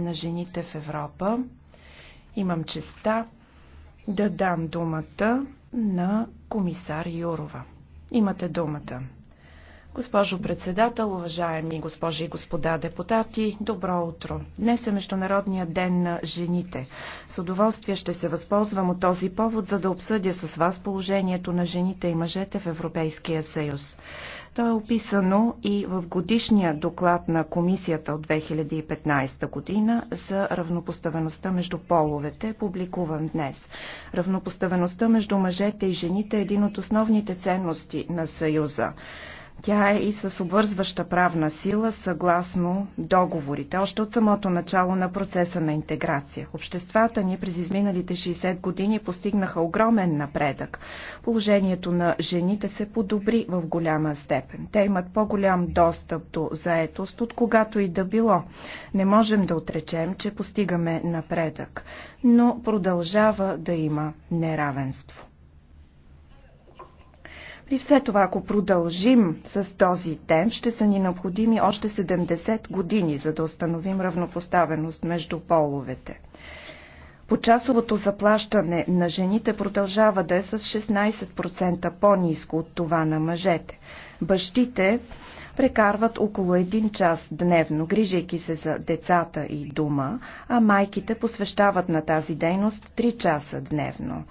на жените в Европа. Имам честа да дам думата на комисар Юрова. Имате думата. Госпожо председател, уважаеми госпожи и господа депутати, добро утро! Днес е Международния ден на жените. С удоволствие ще се възползвам от този повод, за да обсъдя с вас положението на жените и мъжете в Европейския съюз. То е описано и в годишния доклад на комисията от 2015 година за равнопоставеността между половете, публикуван днес. Равнопоставеността между мъжете и жените е един от основните ценности на Съюза. Тя е и с обвързваща правна сила съгласно договорите, още от самото начало на процеса на интеграция. Обществата ни през изминалите 60 години постигнаха огромен напредък. Положението на жените се подобри в голяма степен. Те имат по-голям достъп до заетост, от когато и да било. Не можем да отречем, че постигаме напредък, но продължава да има неравенство. При все това, ако продължим с този темп, ще са ни необходими още 70 години, за да установим равнопоставеност между половете. Почасовото заплащане на жените продължава да е с 16% по-низко от това на мъжете. Бащите прекарват около 1 час дневно, грижейки се за децата и дома, а майките посвещават на тази дейност 3 часа дневно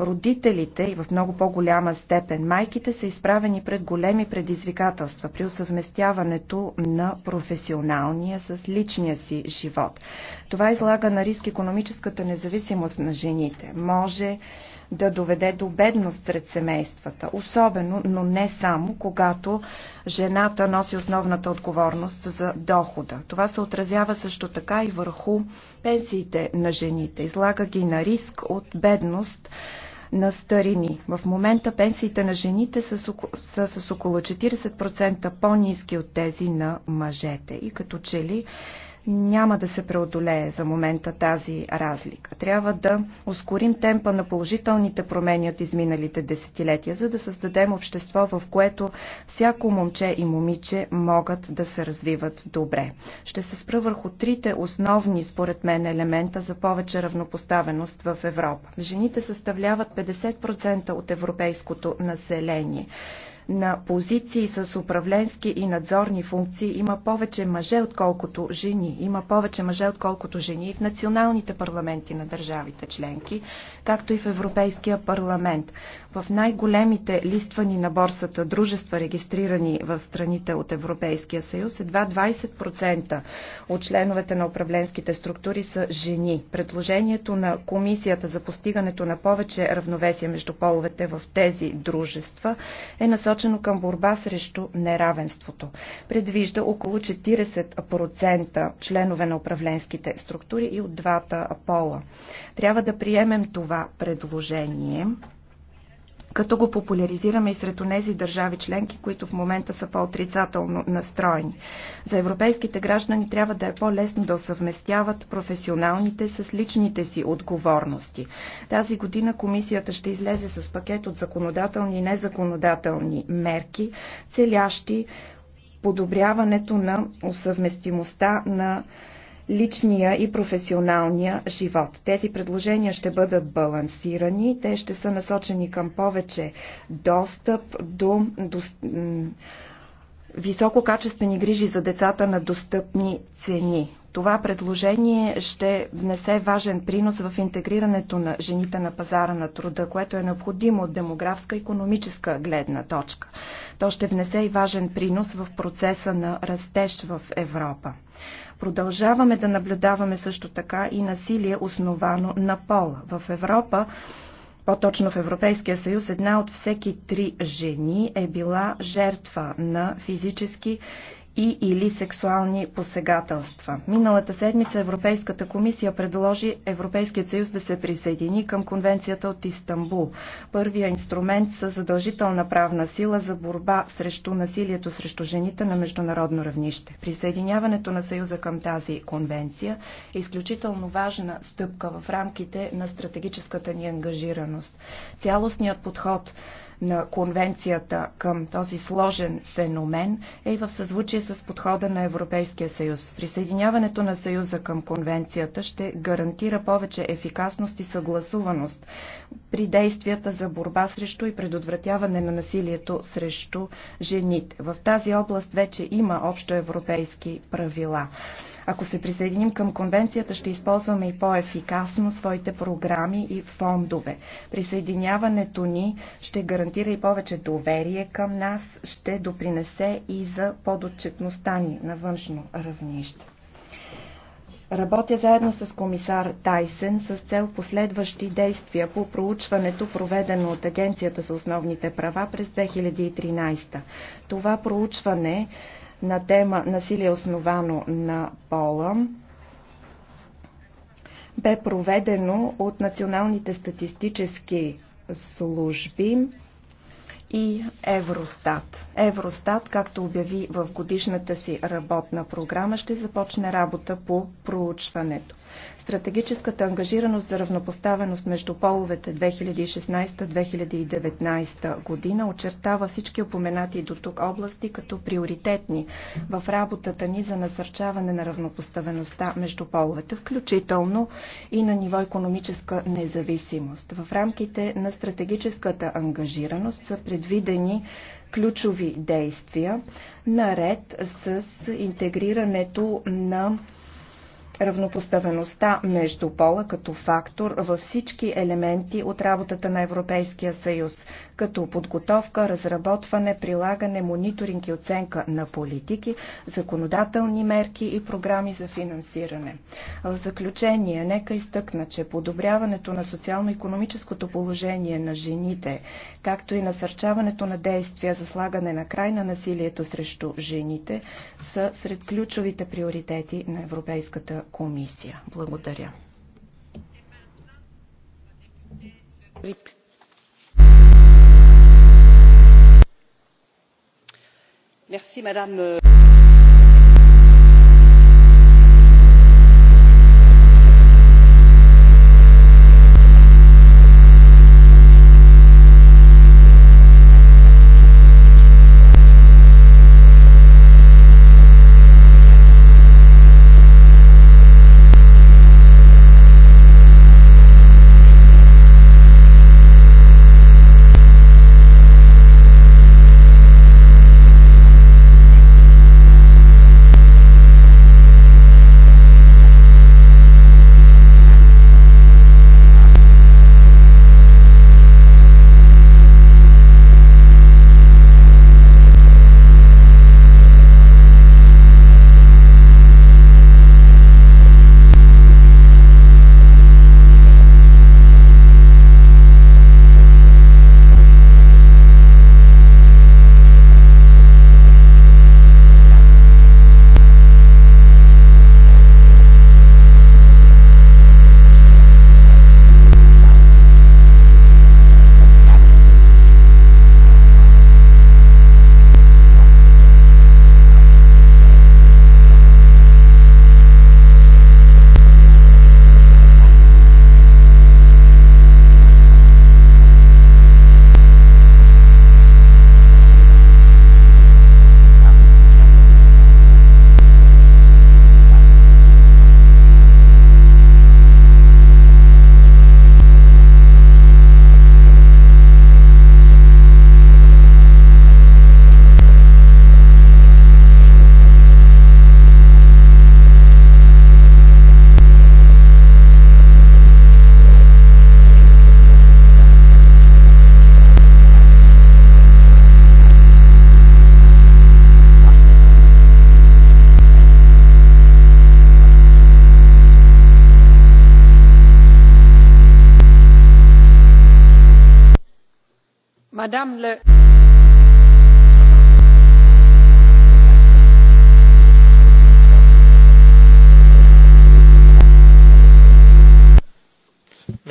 родителите и в много по-голяма степен майките са изправени пред големи предизвикателства при усъвместяването на професионалния с личния си живот. Това излага на риск економическата независимост на жените. Може да доведе до бедност сред семействата, особено, но не само, когато жената носи основната отговорност за дохода. Това се отразява също така и върху пенсиите на жените. Излага ги на риск от бедност на старини. В момента пенсиите на жените са с около 40% по-низки от тези на мъжете. И като че ли няма да се преодолее за момента тази разлика. Трябва да ускорим темпа на положителните промени от изминалите десетилетия, за да създадем общество, в което всяко момче и момиче могат да се развиват добре. Ще се спра върху трите основни, според мен, елемента за повече равнопоставеност в Европа. Жените съставляват 50% от европейското население на позиции с управленски и надзорни функции има повече мъже, отколкото жени. Има повече мъже, отколкото жени и в националните парламенти на държавите членки, както и в Европейския парламент. В най-големите листвани на борсата дружества, регистрирани в страните от Европейския съюз, едва 20% от членовете на управленските структури са жени. Предложението на Комисията за постигането на повече равновесие между половете в тези дружества е насочено към борба срещу неравенството. Предвижда около 40% членове на управленските структури и от двата пола. Трябва да приемем това предложение като го популяризираме и сред тези държави членки, които в момента са по-отрицателно настроени. За европейските граждани трябва да е по-лесно да съвместяват професионалните с личните си отговорности. Тази година комисията ще излезе с пакет от законодателни и незаконодателни мерки, целящи подобряването на усъвместимостта на личния и професионалния живот. Тези предложения ще бъдат балансирани, те ще са насочени към повече достъп до, до висококачествени грижи за децата на достъпни цени. Това предложение ще внесе важен принос в интегрирането на жените на пазара на труда, което е необходимо от демографска и економическа гледна точка. То ще внесе и важен принос в процеса на растеж в Европа. Продължаваме да наблюдаваме също така и насилие основано на пола. В Европа по-точно в Европейския съюз, една от всеки три жени е била жертва на физически и или сексуални посегателства. Миналата седмица Европейската комисия предложи Европейският съюз да се присъедини към конвенцията от Истанбул. Първия инструмент с задължителна правна сила за борба срещу насилието срещу жените на международно равнище. Присъединяването на съюза към тази конвенция е изключително важна стъпка в рамките на стратегическата ни ангажираност. Цялостният подход на конвенцията към този сложен феномен е и в съзвучие с подхода на Европейския съюз. Присъединяването на съюза към конвенцията ще гарантира повече ефикасност и съгласуваност при действията за борба срещу и предотвратяване на насилието срещу жените. В тази област вече има общоевропейски правила. Ако се присъединим към конвенцията, ще използваме и по-ефикасно своите програми и фондове. Присъединяването ни ще гарантира и повече доверие към нас, ще допринесе и за подотчетността ни на външно равнище. Работя заедно с комисар Тайсен с цел последващи действия по проучването, проведено от Агенцията за основните права през 2013. Това проучване на тема Насилие основано на пола бе проведено от националните статистически служби и Евростат. Евростат, както обяви в годишната си работна програма, ще започне работа по проучването. Стратегическата ангажираност за равнопоставеност между половете 2016-2019 година очертава всички упоменати до тук области като приоритетни в работата ни за насърчаване на равнопоставеността между половете, включително и на ниво економическа независимост. В рамките на стратегическата ангажираност са предвидени ключови действия, наред с интегрирането на равнопоставеността между пола като фактор във всички елементи от работата на Европейския съюз като подготовка, разработване, прилагане, мониторинг и оценка на политики, законодателни мерки и програми за финансиране. В заключение, нека изтъкна, че подобряването на социално-економическото положение на жените, както и насърчаването на действия за слагане на край на насилието срещу жените, са сред ключовите приоритети на Европейската комисия. Благодаря. Благодаря. madame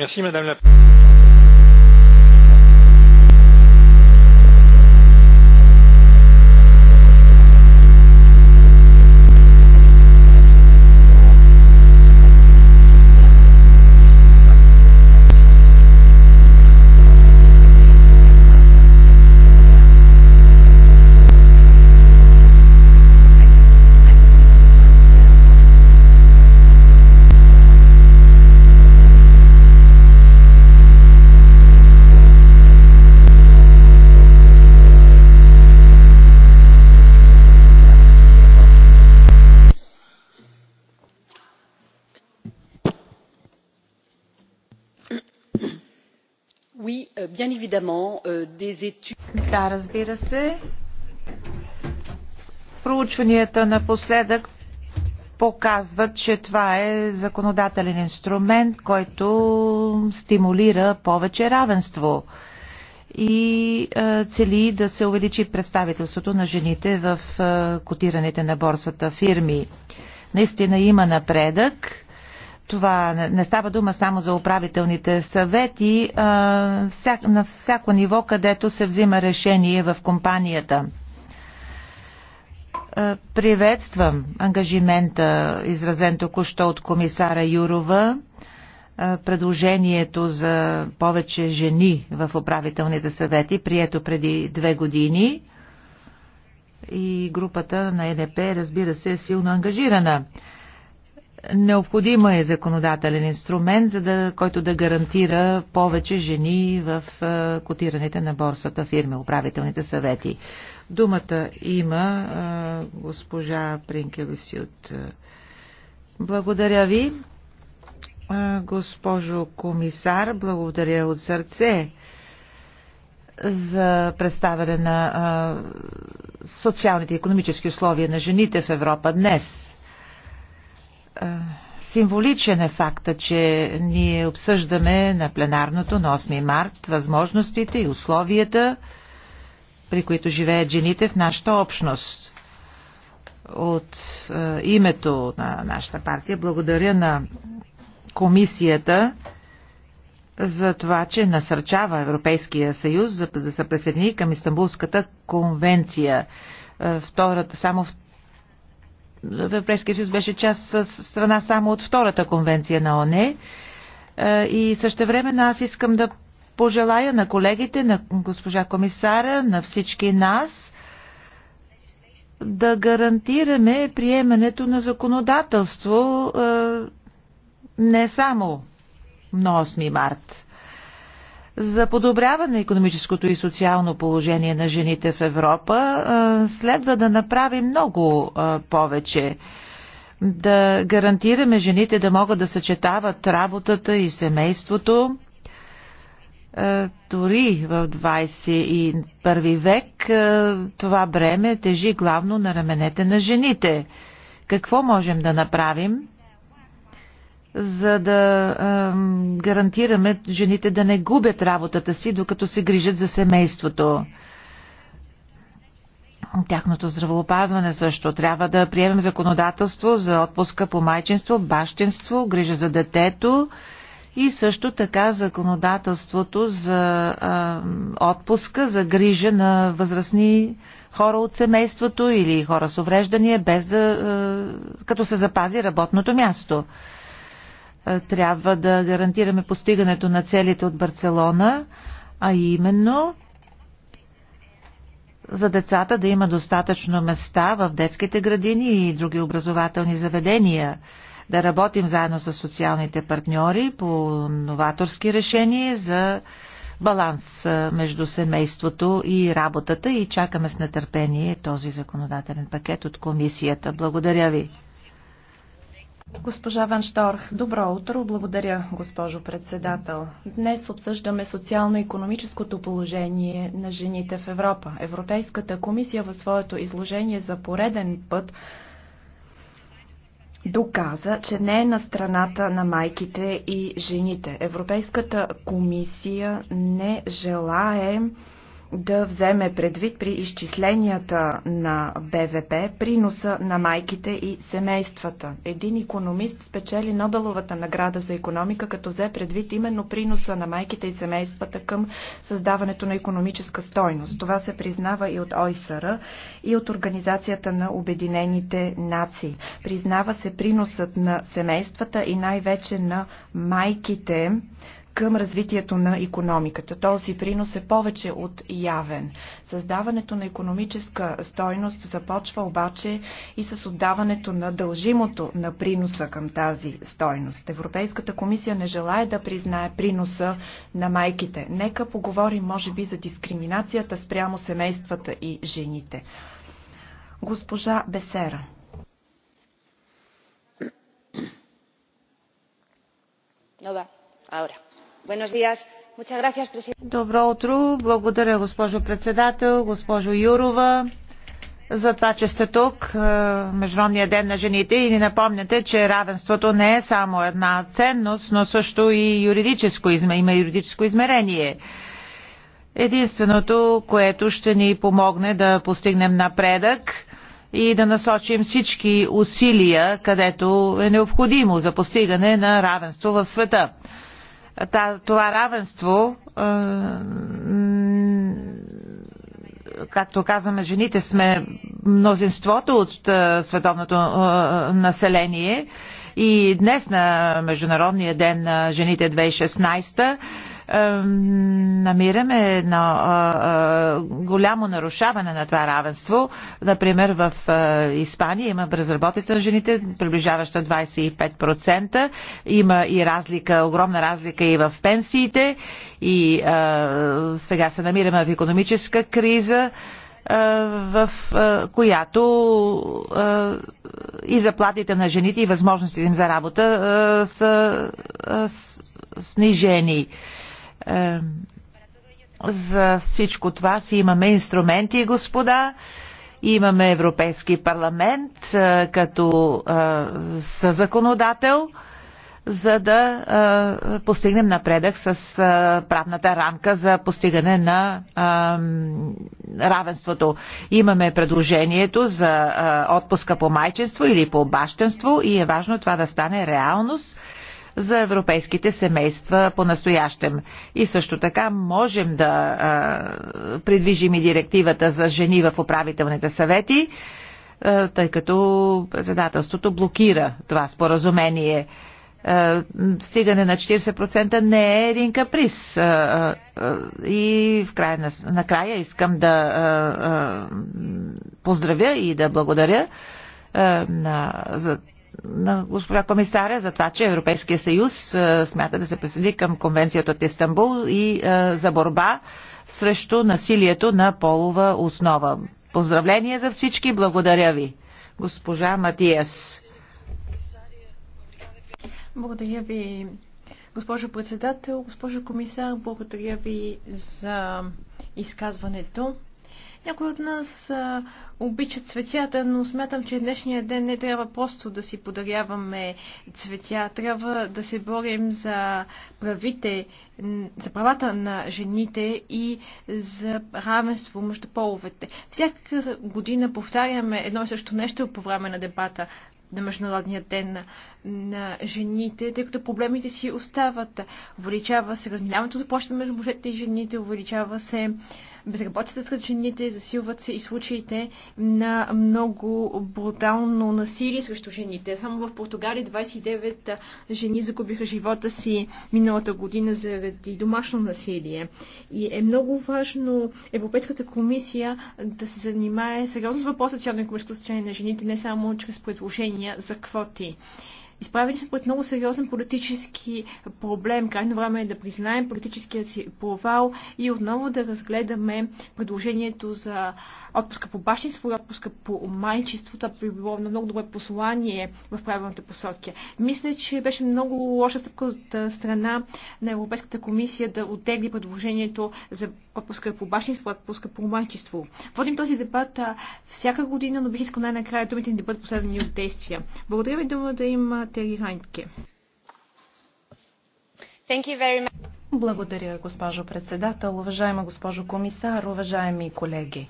Merci, madame la Euh, bien évidemment euh, des études. разбира се. Проучванията напоследък показват, че това е законодателен инструмент, който стимулира повече равенство и е, цели да се увеличи представителството на жените в е, котираните на борсата фирми. Наистина има напредък това не става дума само за управителните съвети, а, на всяко ниво, където се взима решение в компанията приветствам ангажимента, изразен току-що от комисара Юрова, предложението за повече жени в управителните съвети, прието преди две години. И групата на ЕДП, разбира се, е силно ангажирана Необходима е законодателен инструмент, за да, който да гарантира повече жени в котираните на борсата фирми, управителните съвети. Думата има госпожа Принкевиси от... Благодаря ви, госпожо комисар, благодаря от сърце за представяне на социалните и економически условия на жените в Европа днес Символичен е факта, че ние обсъждаме на пленарното на 8 март възможностите и условията, при които живеят жените в нашата общност. От е, името на нашата партия благодаря на комисията за това, че насърчава Европейския съюз за да се присъедини към Истанбулската конвенция. Втората, само в Европейския съюз беше част с страна само от втората конвенция на ОНЕ. Е, и също време аз искам да пожелая на колегите, на госпожа комисара, на всички нас да гарантираме приемането на законодателство е, не само на 8 март за подобряване на економическото и социално положение на жените в Европа следва да направи много повече. Да гарантираме жените да могат да съчетават работата и семейството. Дори в 21 век това бреме тежи главно на раменете на жените. Какво можем да направим? за да ем, гарантираме жените да не губят работата си, докато се грижат за семейството. Тяхното здравоопазване също. Трябва да приемем законодателство за отпуска по майчинство, бащинство, грижа за детето и също така законодателството за а, отпуска, за грижа на възрастни хора от семейството или хора с увреждания, без да, а, като се запази работното място. Е, трябва да гарантираме постигането на целите от Барселона, а именно за децата да има достатъчно места в детските градини и други образователни заведения, да работим заедно с социалните партньори по новаторски решения за баланс е, между семейството и работата и чакаме с нетърпение този законодателен пакет от комисията. Благодаря ви. Госпожа Ван Шторх, добро утро. Благодаря, госпожо председател. Днес обсъждаме социално-економическото положение на жените в Европа. Европейската комисия в своето изложение за пореден път доказа, че не е на страната на майките и жените. Европейската комисия не желае да вземе предвид при изчисленията на БВП приноса на майките и семействата. Един економист спечели Нобеловата награда за економика, като взе предвид именно приноса на майките и семействата към създаването на економическа стойност. Това се признава и от ОИСР и от Организацията на Обединените нации. Признава се приносът на семействата и най-вече на майките към развитието на економиката. Този принос е повече от явен. Създаването на економическа стойност започва обаче и с отдаването на дължимото на приноса към тази стойност. Европейската комисия не желая да признае приноса на майките. Нека поговорим, може би, за дискриминацията спрямо семействата и жените. Госпожа Бесера. Добре, va, Добро утро! Благодаря, госпожо председател, госпожо Юрова, за това, че сте тук, е, Международния ден на жените, и ни напомняте, че равенството не е само една ценност, но също и юридическо, има юридическо измерение. Единственото, което ще ни помогне да постигнем напредък и да насочим всички усилия, където е необходимо за постигане на равенство в света това равенство, е, както казваме, жените сме мнозинството от е, световното е, население и днес на Международния ден на жените 2016 намираме едно голямо нарушаване на това равенство. Например, в Испания има безработица на жените, приближаваща 25%. Има и разлика, огромна разлика и в пенсиите. И сега се намираме в економическа криза в която и заплатите на жените и възможностите им за работа са снижени. За всичко това си имаме инструменти, господа. Имаме Европейски парламент е, като е, съзаконодател, за да е, постигнем напредък с правната рамка за постигане на равенството. Имаме предложението за отпуска по майчество или по бащенство и е важно това да стане реалност за европейските семейства по-настоящем. И също така можем да а, придвижим и директивата за жени в управителните съвети, а, тъй като председателството блокира това споразумение. А, стигане на 40% не е един каприз. А, а, и в края на, накрая искам да а, а, поздравя и да благодаря на, за на госпожа комисаря за това, че Европейския съюз е, смята да се присъди към конвенцията от Истанбул и е, за борба срещу насилието на полова основа. Поздравление за всички, благодаря ви. Госпожа Матиас. Благодаря ви, госпожо председател, госпожо комисар, благодаря ви за изказването. Някои от нас а, обичат цветята, но смятам, че днешния ден не трябва просто да си подаряваме цветя. Трябва да се борим за правите, за правата на жените и за равенство между половете. Всяка година повтаряме едно и също нещо по време на дебата на Международния ден на, на жените, тъй като проблемите си остават. Увеличава се разминаването за между мъжете и жените, увеличава се безработицата сред жените, засилват се и случаите на много брутално насилие срещу жените. Само в Португалия 29 жени загубиха живота си миналата година заради домашно насилие. И е много важно Европейската комисия да се занимае сериозно с въпроса, че на економическото състояние на жените, не само чрез предложения за квоти. Изправени сме пред много сериозен политически проблем. Крайно време е да признаем политическият си провал и отново да разгледаме предложението за отпуска по бащинство и отпуска по майчество. Това би било на много добре послание в правилната посока. Мисля, че беше много лоша стъпка от страна на Европейската комисия да отегли предложението за отпуска по бащинство, отпуска по майчество. Водим този дебат всяка година, но бих искал най-накрая думите ни да бъдат последвани от действия. Благодаря ви дума да има. Тери Хайнтке. Благодаря, госпожо председател, уважаема госпожо комисар, уважаеми колеги.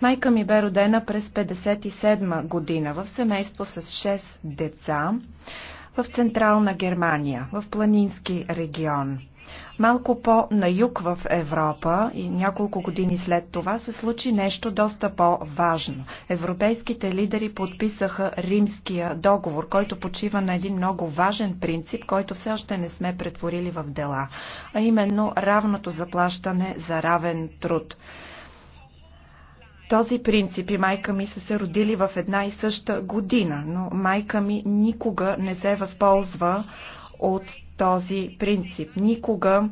Майка ми бе родена през 1957 година в семейство с 6 деца в Централна Германия, в планински регион. Малко по-на юг в Европа и няколко години след това се случи нещо доста по-важно. Европейските лидери подписаха Римския договор, който почива на един много важен принцип, който все още не сме претворили в дела, а именно равното заплащане за равен труд. Този принцип и майка ми са се родили в една и съща година, но майка ми никога не се възползва от този принцип. Никога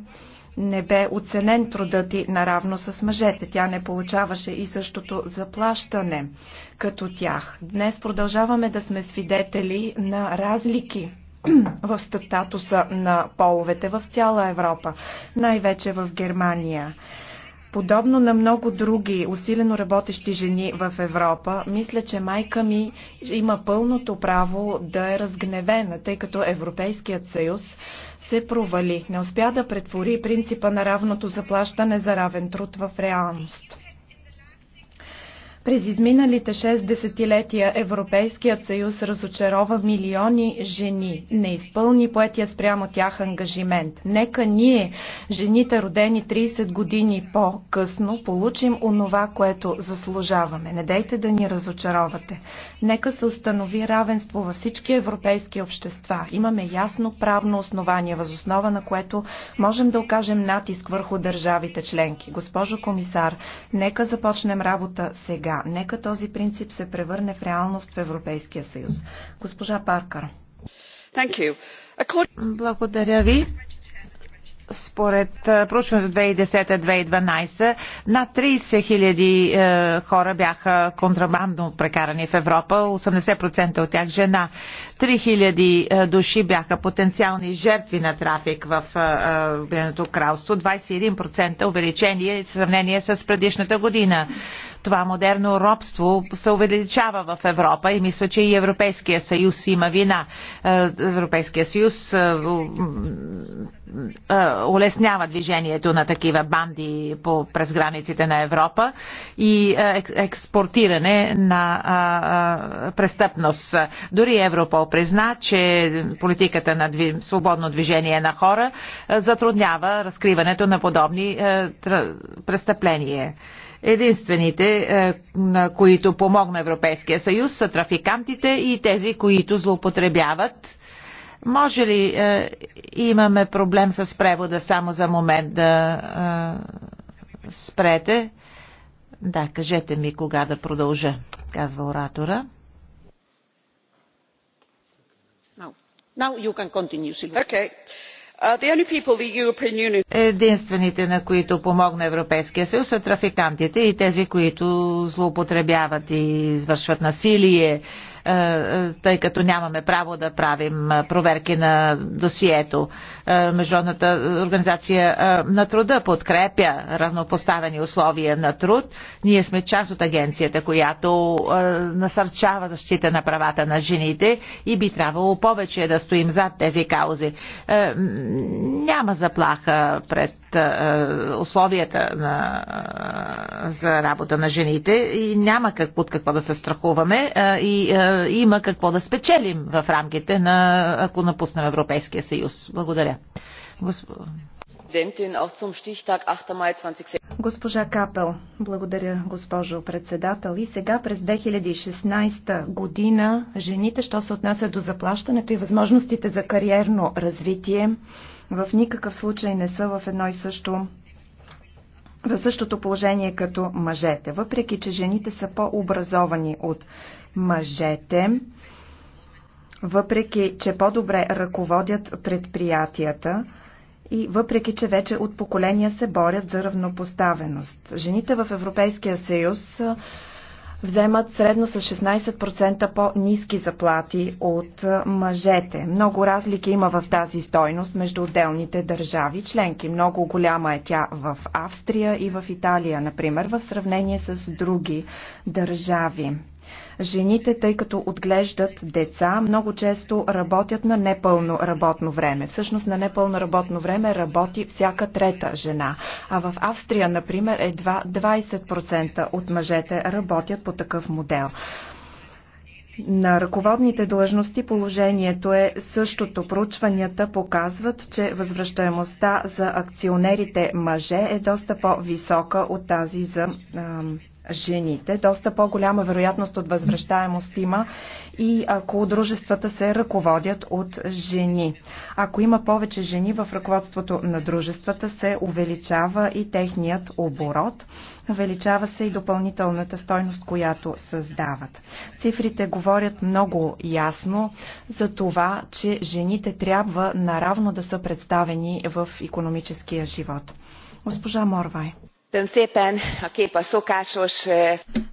не бе оценен трудът ти наравно с мъжете. Тя не получаваше и същото заплащане като тях. Днес продължаваме да сме свидетели на разлики в статуса на половете в цяла Европа, най-вече в Германия. Подобно на много други усилено работещи жени в Европа, мисля, че майка ми има пълното право да е разгневена, тъй като Европейският съюз се провали. Не успя да претвори принципа на равното заплащане за равен труд в реалност. През изминалите 6 десетилетия Европейският съюз разочарова милиони жени, не изпълни поетия спрямо тях ангажимент. Нека ние, жените родени 30 години по-късно, получим онова, което заслужаваме. Не дейте да ни разочаровате. Нека се установи равенство във всички европейски общества. Имаме ясно правно основание, възоснова на което можем да окажем натиск върху държавите членки. Госпожо комисар, нека започнем работа сега сега. Нека този принцип се превърне в реалност в Европейския съюз. Госпожа Паркър. Благодаря ви. Според проучването 2010-2012, над 30 хиляди е, хора бяха контрабандно прекарани в Европа, 80% от тях жена. 3000 е, души бяха потенциални жертви на трафик в е, е, Обединеното кралство, 21% увеличение в сравнение с предишната година това модерно робство се увеличава в Европа и мисля, че и Европейския съюз има вина. Е, Европейския съюз е, е, улеснява движението на такива банди по, през границите на Европа и експортиране на престъпност. Дори Европол призна, че политиката на свободно движение на хора затруднява разкриването на подобни престъпления. Единствените, е, на които помогна Европейския съюз, са трафикантите и тези, които злоупотребяват. Може ли е, имаме проблем с превода само за момент да е, спрете? Да, кажете ми кога да продължа, казва оратора. Now you can continue, Silvia. Okay. Uh, Единствените, на които помогна Европейския съюз, са трафикантите и тези, които злоупотребяват и извършват насилие е, е, тъй като нямаме право да правим е, проверки на досието. Международната организация на труда подкрепя равнопоставени условия на труд. Ние сме част от агенцията, която насърчава защита на правата на жените и би трябвало повече да стоим зад тези каузи. Няма заплаха пред условията на, за работа на жените и няма как, от какво да се страхуваме и е, има какво да спечелим в рамките на, ако напуснем Европейския съюз. Благодаря. Госпожа Капел, благодаря госпожо председател. И сега през 2016 година жените, що се отнася до заплащането и възможностите за кариерно развитие, в никакъв случай не са в едно и също в същото положение като мъжете. Въпреки, че жените са по-образовани от мъжете, въпреки, че по-добре ръководят предприятията и въпреки, че вече от поколения се борят за равнопоставеност. Жените в Европейския съюз вземат средно с 16% по-низки заплати от мъжете. Много разлики има в тази стойност между отделните държави членки. Много голяма е тя в Австрия и в Италия, например, в сравнение с други държави. Жените, тъй като отглеждат деца, много често работят на непълно работно време. Всъщност на непълно работно време работи всяка трета жена. А в Австрия, например, едва 20% от мъжете работят по такъв модел. На ръководните длъжности положението е същото. Проучванията показват, че възвръщаемостта за акционерите мъже е доста по-висока от тази за жените. Доста по-голяма вероятност от възвръщаемост има и ако дружествата се ръководят от жени. Ако има повече жени в ръководството на дружествата, се увеличава и техният оборот. Увеличава се и допълнителната стойност, която създават. Цифрите говорят много ясно за това, че жените трябва наравно да са представени в економическия живот. Госпожа Морвай.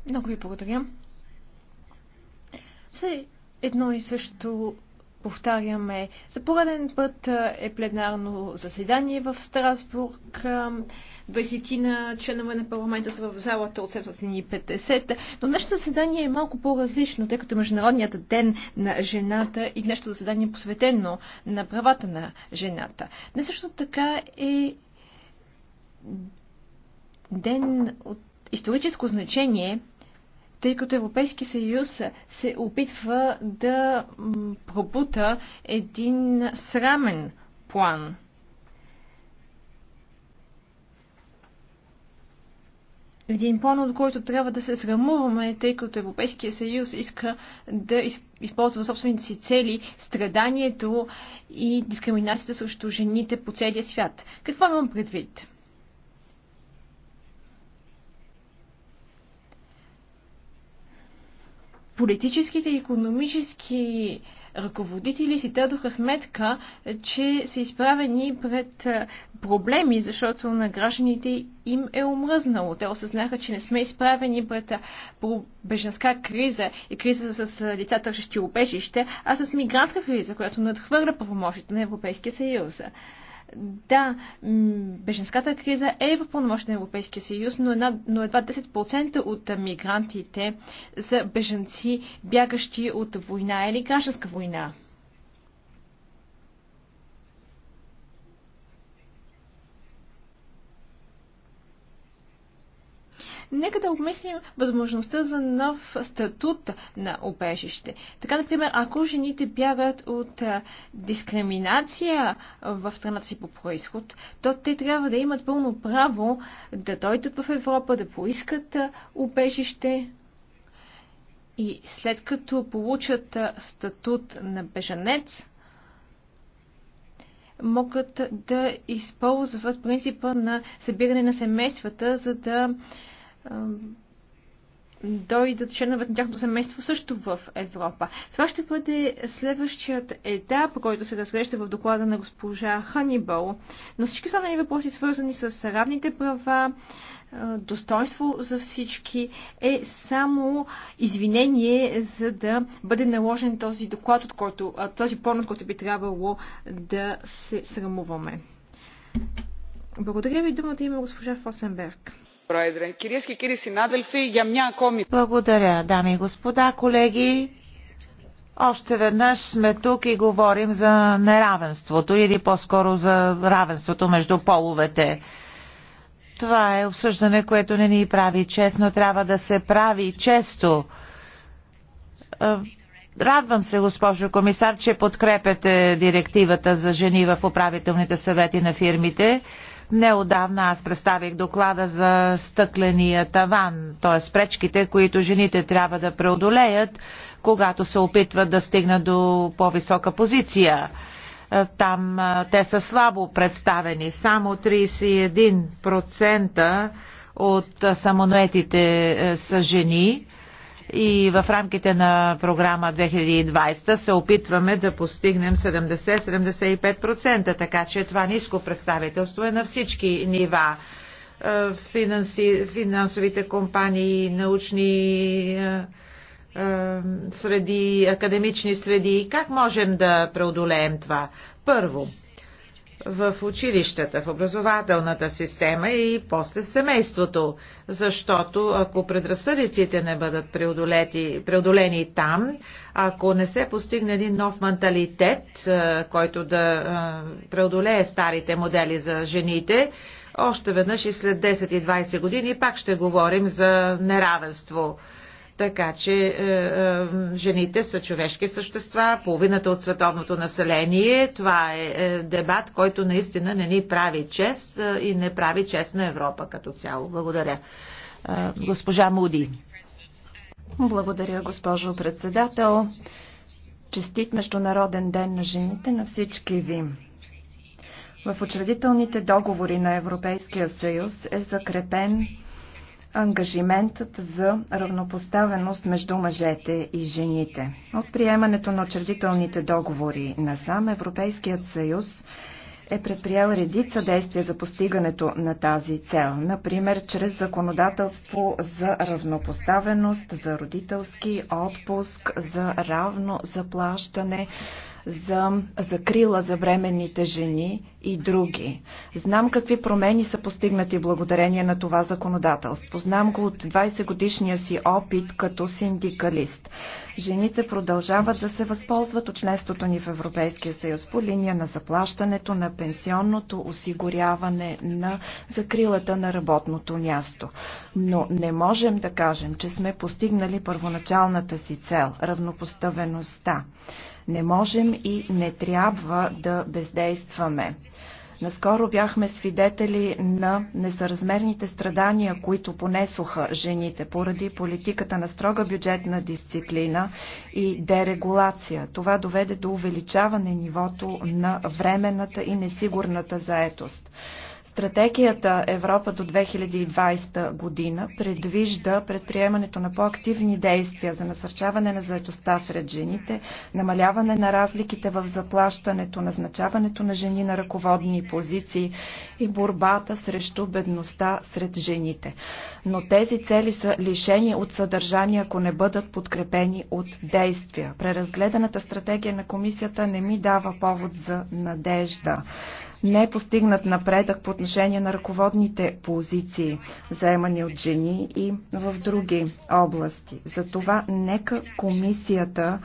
Много ви благодаря. Все едно и също повтаряме. За пореден път е, е пленарно заседание в Страсбург. Двайсетина членове на парламента са в залата от 750. Но нашето заседание е малко по-различно, тъй като Международният ден на жената и днешното заседание е посветено на правата на жената. Не също така е ден от историческо значение, тъй като Европейски съюз се опитва да пробута един срамен план. Един план, от който трябва да се срамуваме, тъй като Европейския съюз иска да използва собствените си цели, страданието и дискриминацията срещу жените по целия свят. Какво имам предвид? политическите и економически ръководители си дадоха сметка, че са изправени пред проблеми, защото на гражданите им е омръзнало. Те осъзнаха, че не сме изправени пред беженска криза и криза с лица тържащи убежище, а с мигрантска криза, която надхвърля правомощите на Европейския съюз. Да, беженската криза е в пълномощен Европейския съюз, но, една, но едва 10% от мигрантите са беженци, бягащи от война или гражданска война. нека да обмислим възможността за нов статут на обежище. Така, например, ако жените бягат от дискриминация в страната си по происход, то те трябва да имат пълно право да дойдат в Европа, да поискат обежище и след като получат статут на бежанец, могат да използват принципа на събиране на семействата, за да дойдат членове на тяхното семейство също в Европа. Това ще бъде следващият етап, който се разглежда в доклада на госпожа Ханибал. Но всички останали въпроси, свързани с равните права, достоинство за всички, е само извинение, за да бъде наложен този доклад, от който, този план, от който би трябвало да се срамуваме. Благодаря ви, думата има госпожа Фосенберг. Благодаря, дами и господа, колеги. Още веднъж сме тук и говорим за неравенството или по-скоро за равенството между половете. Това е обсъждане, което не ни прави честно, трябва да се прави често. Е, радвам се, госпожо комисар, че подкрепяте директивата за жени в управителните съвети на фирмите. Неодавна аз представих доклада за стъкления таван, т.е. пречките, които жените трябва да преодолеят, когато се опитват да стигнат до по-висока позиция. Е, там е, те са слабо представени. Само 31% от самонуетите е, са жени и в рамките на програма 2020 се опитваме да постигнем 70-75%, така че това ниско представителство е на всички нива. Е, финанси, финансовите компании, научни е, е, среди, академични среди. Как можем да преодолеем това? Първо, в училищата, в образователната система и после в семейството, защото ако предразсъдиците не бъдат преодолени там, ако не се постигне един нов менталитет, който да преодолее старите модели за жените, още веднъж и след 10 и 20 години пак ще говорим за неравенство. Така че е, е, жените са човешки същества, половината от световното население. Това е, е дебат, който наистина не ни прави чест е, и не прави чест на Европа като цяло. Благодаря. Е, госпожа Муди. Благодаря, госпожо председател. Честит Международен ден на жените на всички ви. В учредителните договори на Европейския съюз е закрепен ангажиментът за равнопоставеност между мъжете и жените. От приемането на учредителните договори насам Европейският съюз е предприял редица действия за постигането на тази цел, например чрез законодателство за равнопоставеност, за родителски отпуск, за равно заплащане, за закрила за временните жени и други. Знам какви промени са постигнати благодарение на това законодателство. Знам го от 20 годишния си опит като синдикалист. Жените продължават да се възползват от членството ни в Европейския съюз по линия на заплащането, на пенсионното осигуряване, на закрилата на работното място. Но не можем да кажем, че сме постигнали първоначалната си цел – равнопоставеността. Не можем и не трябва да бездействаме. Наскоро бяхме свидетели на несъразмерните страдания, които понесоха жените поради политиката на строга бюджетна дисциплина и дерегулация. Това доведе до увеличаване нивото на временната и несигурната заетост. Стратегията Европа до 2020 година предвижда предприемането на по-активни действия за насърчаване на заедостта сред жените, намаляване на разликите в заплащането, назначаването на жени на ръководни позиции и борбата срещу бедността сред жените. Но тези цели са лишени от съдържание, ако не бъдат подкрепени от действия. Преразгледаната стратегия на комисията не ми дава повод за надежда. Не е постигнат напредък по отношение на ръководните позиции, заемани от жени и в други области. Затова нека комисията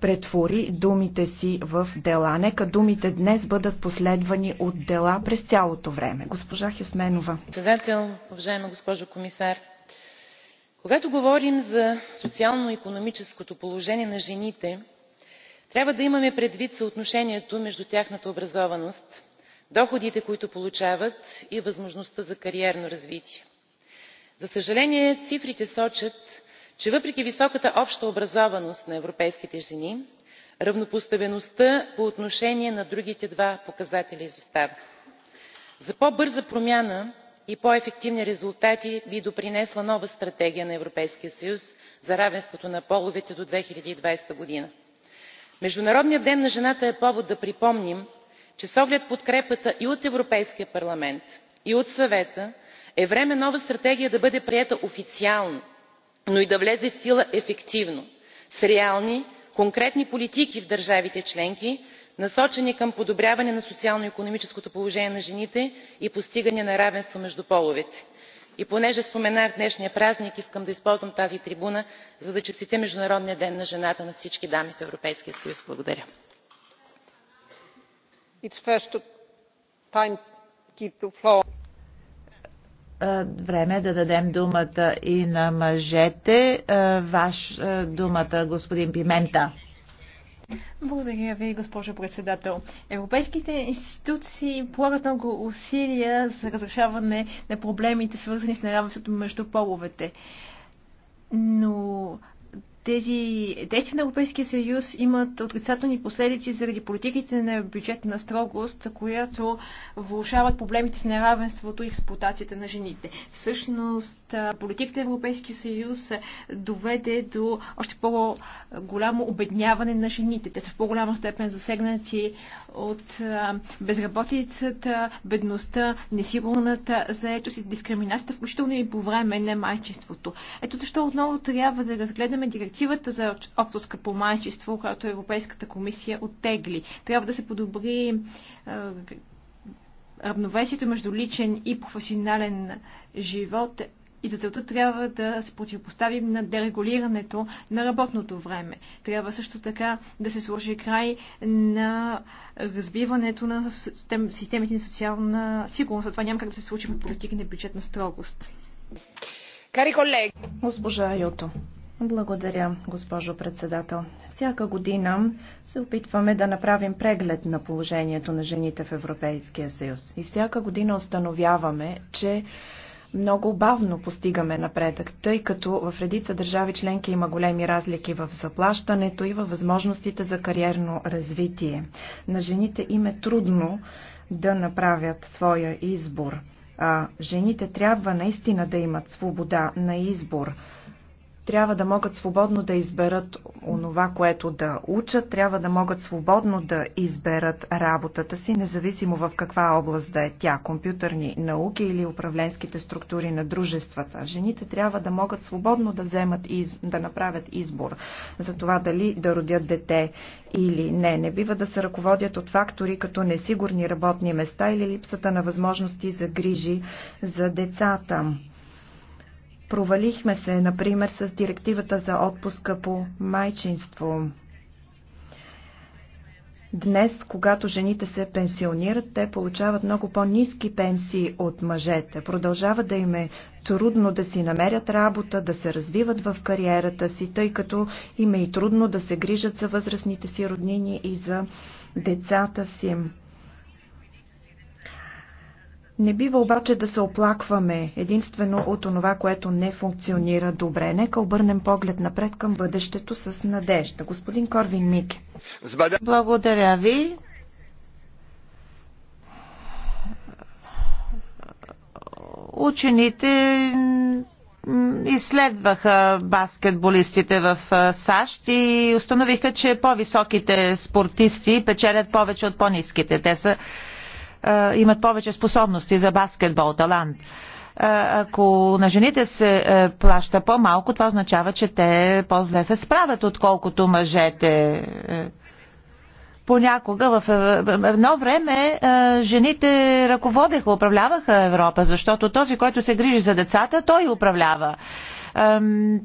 претвори думите си в дела. Нека думите днес бъдат последвани от дела през цялото време. Госпожа Хюсменова. Председател, уважаема госпожо комисар, когато говорим за социално економическото положение на жените, трябва да имаме предвид съотношението между тяхната образованост доходите които получават и възможността за кариерно развитие. за съжаление цифрите сочат че въпреки високата обща образованост на европейските жени равнопоставеността по отношение на другите два показателя изостава. за по бърза промяна и по ефективни резултати би допринесла нова стратегия на европейския съюз за равенството на половете до. 2020 година международният ден на жената е повод да припомним че с оглед подкрепата и от европейския парламент и от съвета е време нова стратегия да бъде приета официално но и да влезе в сила ефективно с реални конкретни политики в държавите членки насочени към подобряване на социално икономическото положение на жените и постигане на равенство между половете и понеже споменах днешния празник искам да използвам тази трибуна за да честитя международния ден на жената на всички дами в европейския съюз. благодаря. Време е да дадем думата и на мъжете. Ваш думата, господин Пимента. Благодаря ви, госпожо председател. Европейските институции полагат много усилия за разрешаване на проблемите, свързани с неравенството между половете. Но тези действия на Европейския съюз имат отрицателни последици заради политиките на бюджетна строгост, която влушават проблемите с неравенството и експлуатацията на жените. Всъщност, политиката на Европейския съюз доведе до още по-голямо обедняване на жените. Те са в по-голяма степен засегнати от безработицата, бедността, несигурната заетост и дискриминацията, включително и по време на майчеството. Ето защо отново трябва да разгледаме директивата директивата за отпуска по майчество, която Европейската комисия оттегли. Трябва да се подобри е, равновесието между личен и професионален живот и за целта трябва да се противопоставим на дерегулирането на работното време. Трябва също така да се сложи край на разбиването на системите на социална сигурност. Това няма как да се случи по политики на бюджетна строгост. Кари колеги! Госпожа Йото. Благодаря, госпожо председател. Всяка година се опитваме да направим преглед на положението на жените в Европейския съюз. И всяка година установяваме, че много бавно постигаме напредък, тъй като в редица държави членки има големи разлики в заплащането и във възможностите за кариерно развитие. На жените им е трудно да направят своя избор. А жените трябва наистина да имат свобода на избор – трябва да могат свободно да изберат онова, което да учат, трябва да могат свободно да изберат работата си, независимо в каква област да е тя компютърни науки или управленските структури на дружествата. Жените трябва да могат свободно да вземат и да направят избор за това дали да родят дете или не. Не бива да се ръководят от фактори като несигурни работни места или липсата на възможности за грижи за децата Провалихме се, например, с директивата за отпуска по майчинство. Днес, когато жените се пенсионират, те получават много по-низки пенсии от мъжете. Продължава да им е трудно да си намерят работа, да се развиват в кариерата си, тъй като им е и трудно да се грижат за възрастните си роднини и за децата си. Не бива обаче да се оплакваме единствено от онова, което не функционира добре. Нека обърнем поглед напред към бъдещето с надежда. Господин Корвин Мике. Благодаря ви. Учените изследваха баскетболистите в САЩ и установиха, че по-високите спортисти печелят повече от по-низките. Те са имат повече способности за баскетбол, талант ако на жените се плаща по-малко, това означава, че те по-зле се справят, отколкото мъжете. Понякога в едно време жените ръководеха, управляваха Европа, защото този, който се грижи за децата, той управлява.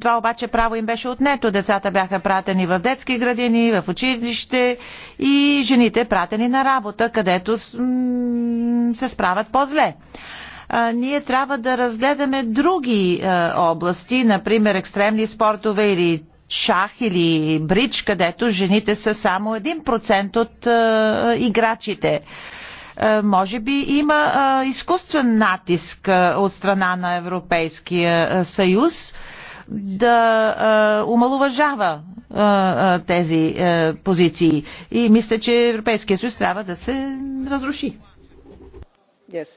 Това обаче право им беше отнето. Децата бяха пратени в детски градини, в училище и жените пратени на работа, където се справят по-зле ние трябва да разгледаме други области, например екстремни спортове или шах или бридж, където жените са само 1% от играчите. Е, може би има е, изкуствен натиск е, от страна на Европейския съюз да омалуважава тези позиции. И мисля, че Европейския съюз трябва да се разруши. Yes.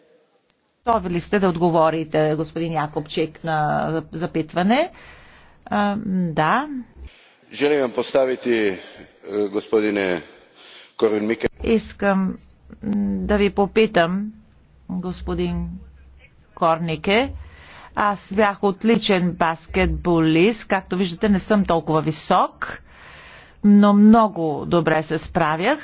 Готови ли сте да отговорите, господин Якобчик, на запитване? А, да. Желим вам господине Корин Микен. Искам да ви попитам, господин Корнике. Аз бях отличен баскетболист. Както виждате, не съм толкова висок, но много добре се справях.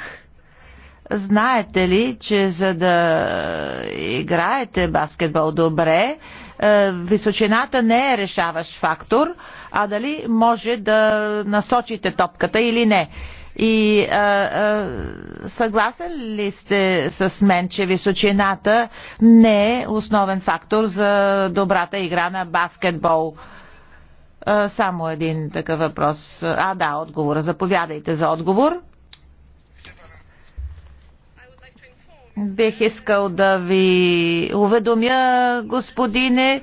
Знаете ли, че за да играете баскетбол добре, е, височината не е решаващ фактор, а дали може да насочите топката или не. И а, а, съгласен ли сте с мен, че височината не е основен фактор за добрата игра на баскетбол? А, само един такъв въпрос. А, да, отговора. Заповядайте за отговор. Бих искал да ви уведомя, господине,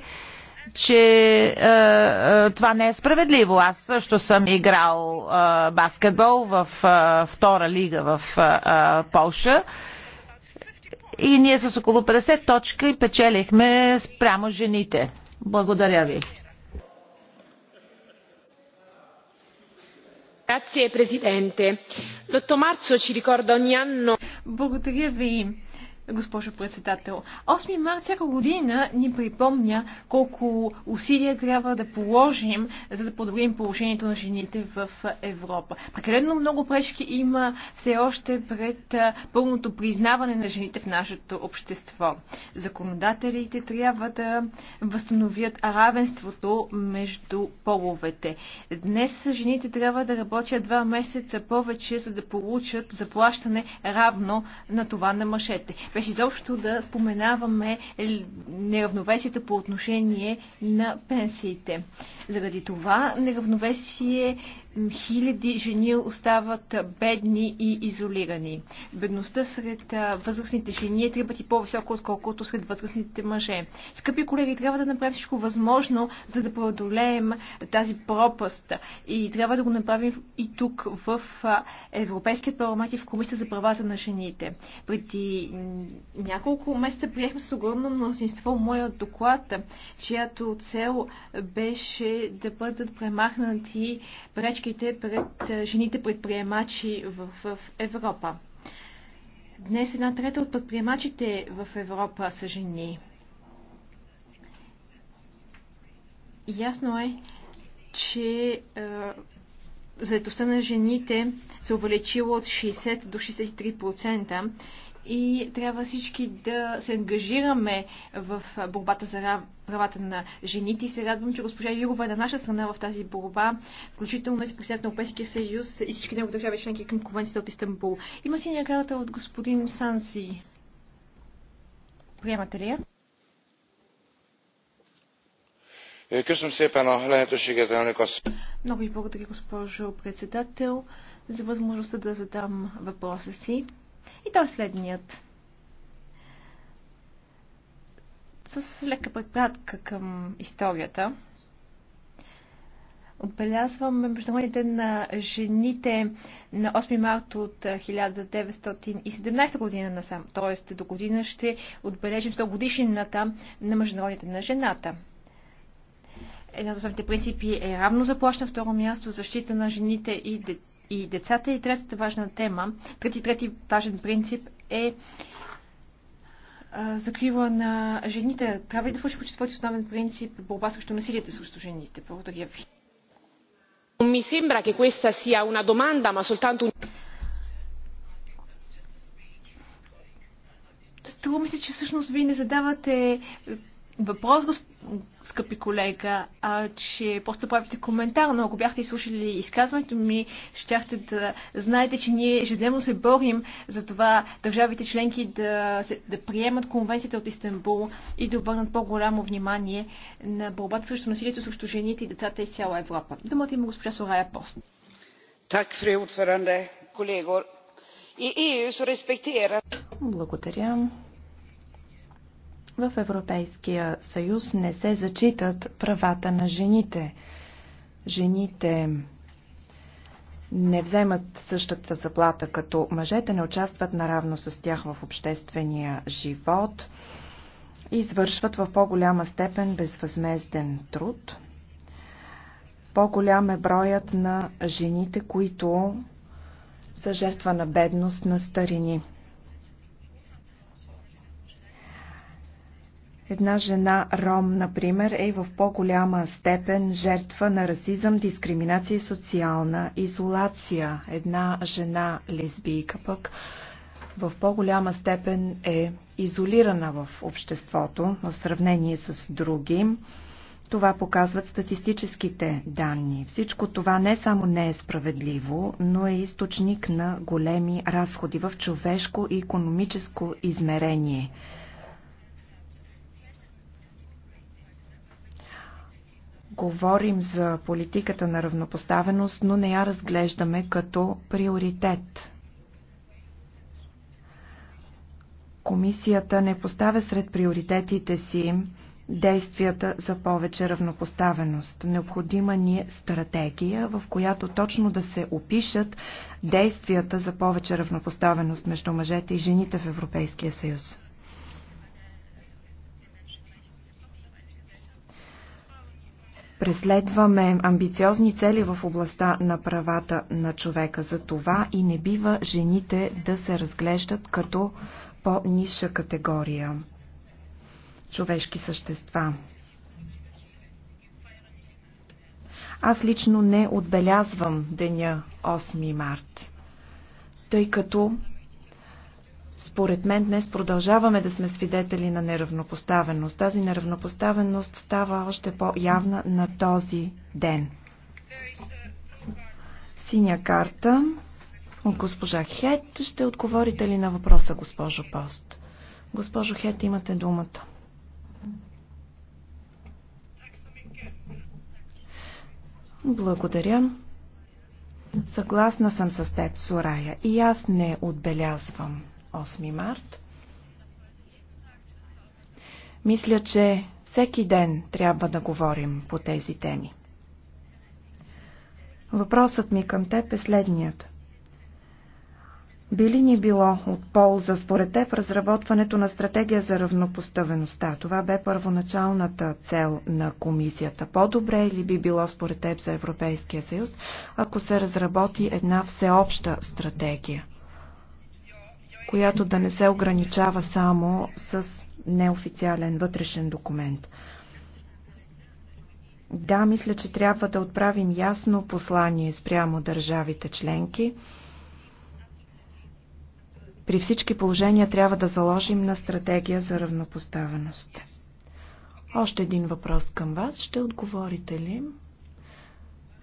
че е, е, това не е справедливо. Аз също съм играл е, баскетбол в е, втора лига в е, е, Полша и ние с около 50 точки печелихме спрямо жените. Благодаря ви. Grazie Presidente. L'8 marzo ci ricorda ogni anno. Благодаря ви госпожо председател. 8 март всяка година ни припомня колко усилия трябва да положим, за да подобрим положението на жените в Европа. Прекалено много пречки има все още пред пълното признаване на жените в нашето общество. Законодателите трябва да възстановят равенството между половете. Днес жените трябва да работят два месеца повече, за да получат заплащане равно на това на мъжете беше изобщо да споменаваме неравновесията по отношение на пенсиите. Заради това неравновесие хиляди жени остават бедни и изолирани. Бедността сред възрастните жени е три пъти по-висока, отколкото сред възрастните мъже. Скъпи колеги, трябва да направим всичко възможно, за да преодолеем тази пропаст. И трябва да го направим и тук, в Европейският парламент и в Комисията за правата на жените. Преди няколко месеца приехме с огромно мнозинство моят доклад, чиято цел беше да бъдат премахнати пречките пред жените предприемачи в, в Европа. Днес една трета от предприемачите в Европа са жени. Ясно е, че е, заедостта на жените се увеличила от 60 до 63% и трябва всички да се ангажираме в борбата за правата на жените. И се радвам, че госпожа Юрова е на наша страна в тази борба, включително с председател на Европейския съюз и всички негови държави членки към конвенцията от Истанбул. Има си карта от господин Санси. Приемате ли я? Много ви благодаря, госпожо председател, за възможността да задам въпроса си. И той е следният. С лека препратка към историята. Отбелязвам Международния ден на жените на 8 марта от 1917 година насам. Тоест до година ще отбележим 100 годишнината на Международния ден на жената. Едно от основните принципи е равно заплащане, второ място защита на жените и децата и децата. И третата важна тема, трети, трети важен принцип е а, закрива на жените. Трябва ли да включим четвърти основен принцип борба срещу насилието срещу жените? Благодаря ви. Ми сембра, че questa sia una domanda, ma soltanto un... Струва ми се, че всъщност вие не задавате въпрос, скъпи колега, а, че просто правите коментар, но ако бяхте изслушали изказването ми, щяхте да знаете, че ние ежедневно се борим за това държавите членки да, да приемат конвенцията от Истанбул и да обърнат по-голямо внимание на борбата срещу насилието срещу жените и децата из цяла Европа. Думата има госпожа Сорая Пост. Так, фри, колеги. Благодаря. В Европейския съюз не се зачитат правата на жените. Жените не вземат същата заплата като мъжете, не участват наравно с тях в обществения живот, извършват в по-голяма степен безвъзмезден труд. По-голям е броят на жените, които са жертва на бедност на старини. Една жена ром, например, е в по-голяма степен жертва на расизъм, дискриминация и социална изолация. Една жена лесбийка пък в по-голяма степен е изолирана в обществото в сравнение с други. Това показват статистическите данни. Всичко това не само не е справедливо, но е източник на големи разходи в човешко и економическо измерение. Говорим за политиката на равнопоставеност, но не я разглеждаме като приоритет. Комисията не поставя сред приоритетите си действията за повече равнопоставеност. Необходима ни е стратегия, в която точно да се опишат действията за повече равнопоставеност между мъжете и жените в Европейския съюз. преследваме амбициозни цели в областта на правата на човека. За това и не бива жените да се разглеждат като по-ниша категория човешки същества. Аз лично не отбелязвам деня 8 март, тъй като според мен днес продължаваме да сме свидетели на неравнопоставеност. Тази неравнопоставеност става още по-явна на този ден. Синя карта от госпожа Хет. Ще отговорите ли на въпроса, госпожо Пост? Госпожо Хет, имате думата. Благодаря. Съгласна съм с теб, Сорая. И аз не отбелязвам 8 март. Мисля, че всеки ден трябва да говорим по тези теми. Въпросът ми към теб е следният. Би ли ни било от полза според теб разработването на стратегия за равнопоставеността? Това бе първоначалната цел на комисията. По-добре ли би било според теб за Европейския съюз, ако се разработи една всеобща стратегия? която да не се ограничава само с неофициален вътрешен документ. Да, мисля, че трябва да отправим ясно послание спрямо държавите членки. При всички положения трябва да заложим на стратегия за равнопоставеност. Още един въпрос към вас. Ще отговорите ли?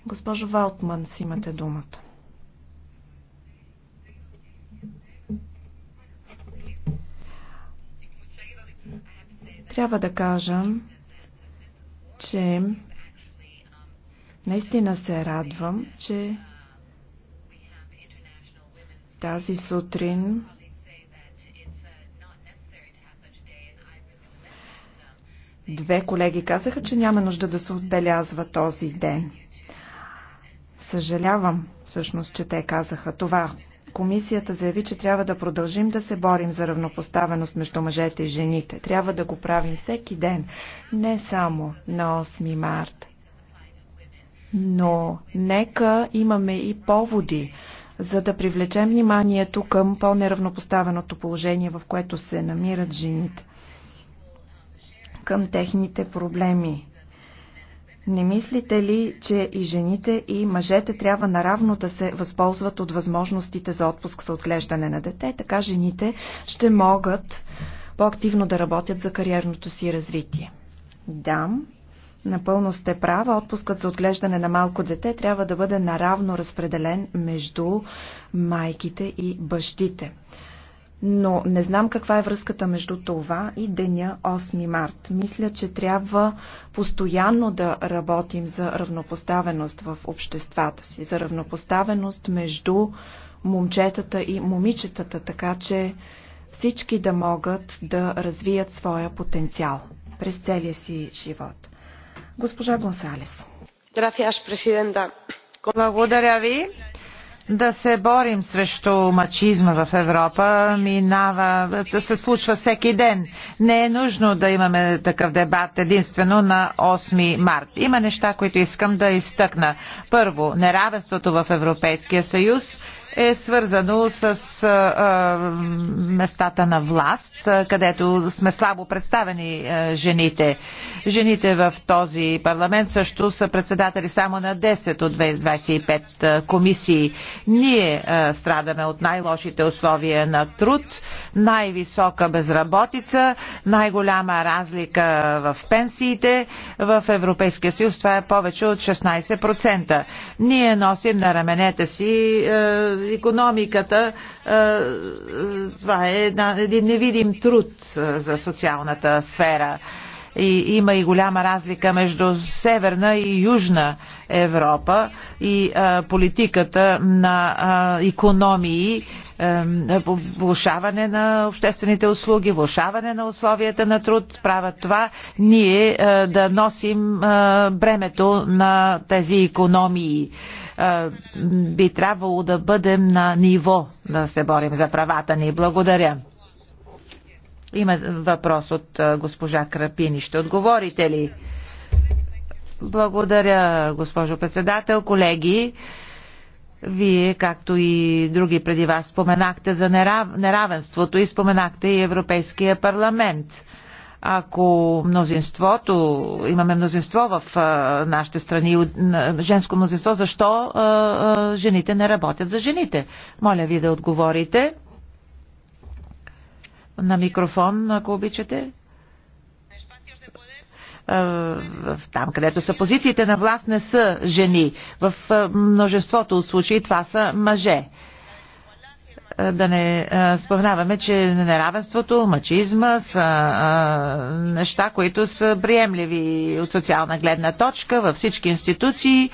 Госпожо Валтман, си имате думата. Трябва да кажа, че наистина се радвам, че тази сутрин Две колеги казаха, че няма нужда да се отбелязва този ден. Съжалявам, всъщност, че те казаха това. Комисията заяви, че трябва да продължим да се борим за равнопоставеност между мъжете и жените. Трябва да го правим всеки ден, не само на 8 март. Но нека имаме и поводи, за да привлечем вниманието към по-неравнопоставеното положение, в което се намират жените, към техните проблеми. Не мислите ли, че и жените, и мъжете трябва наравно да се възползват от възможностите за отпуск за отглеждане на дете? Така жените ще могат по-активно да работят за кариерното си развитие. Да, напълно сте права. Отпускът за отглеждане на малко дете трябва да бъде наравно разпределен между майките и бащите но не знам каква е връзката между това и деня 8 март. Мисля, че трябва постоянно да работим за равнопоставеност в обществата си, за равнопоставеност между момчетата и момичетата, така че всички да могат да развият своя потенциал през целия си живот. Госпожа Гонсалес. Благодаря ви да се борим срещу мачизма в Европа минава, да се случва всеки ден. Не е нужно да имаме такъв дебат единствено на 8 март. Има неща, които искам да изтъкна. Първо, неравенството в Европейския съюз е свързано с местата на власт, където сме слабо представени жените. Жените в този парламент също са председатели само на 10 от 25 комисии. Ние страдаме от най-лошите условия на труд, най-висока безработица, най-голяма разлика в пенсиите. В Европейския съюз това е повече от 16%. Ние носим на раменете си економиката, е, това е един невидим труд е, за социалната сфера. И има и голяма разлика между Северна и Южна Европа и а, е, политиката на а, економии, влушаване на обществените услуги, влушаване на условията на труд, правят това ние да носим бремето на тези економии би трябвало да бъдем на ниво да се борим за правата ни. Благодаря. Има въпрос от госпожа Крапини. Ще отговорите ли? Благодаря, госпожо председател, колеги. Вие, както и други преди вас, споменахте за неравенството и споменахте и Европейския парламент. Ако мнозинството, имаме мнозинство в нашите страни, женско мнозинство, защо жените не работят за жените? Моля ви да отговорите на микрофон, ако обичате там, където са позициите на власт, не са жени. В множеството от случаи това са мъже. Е, да не е, споменаваме, че неравенството, мачизма са е, неща, които са приемливи от социална гледна точка във всички институции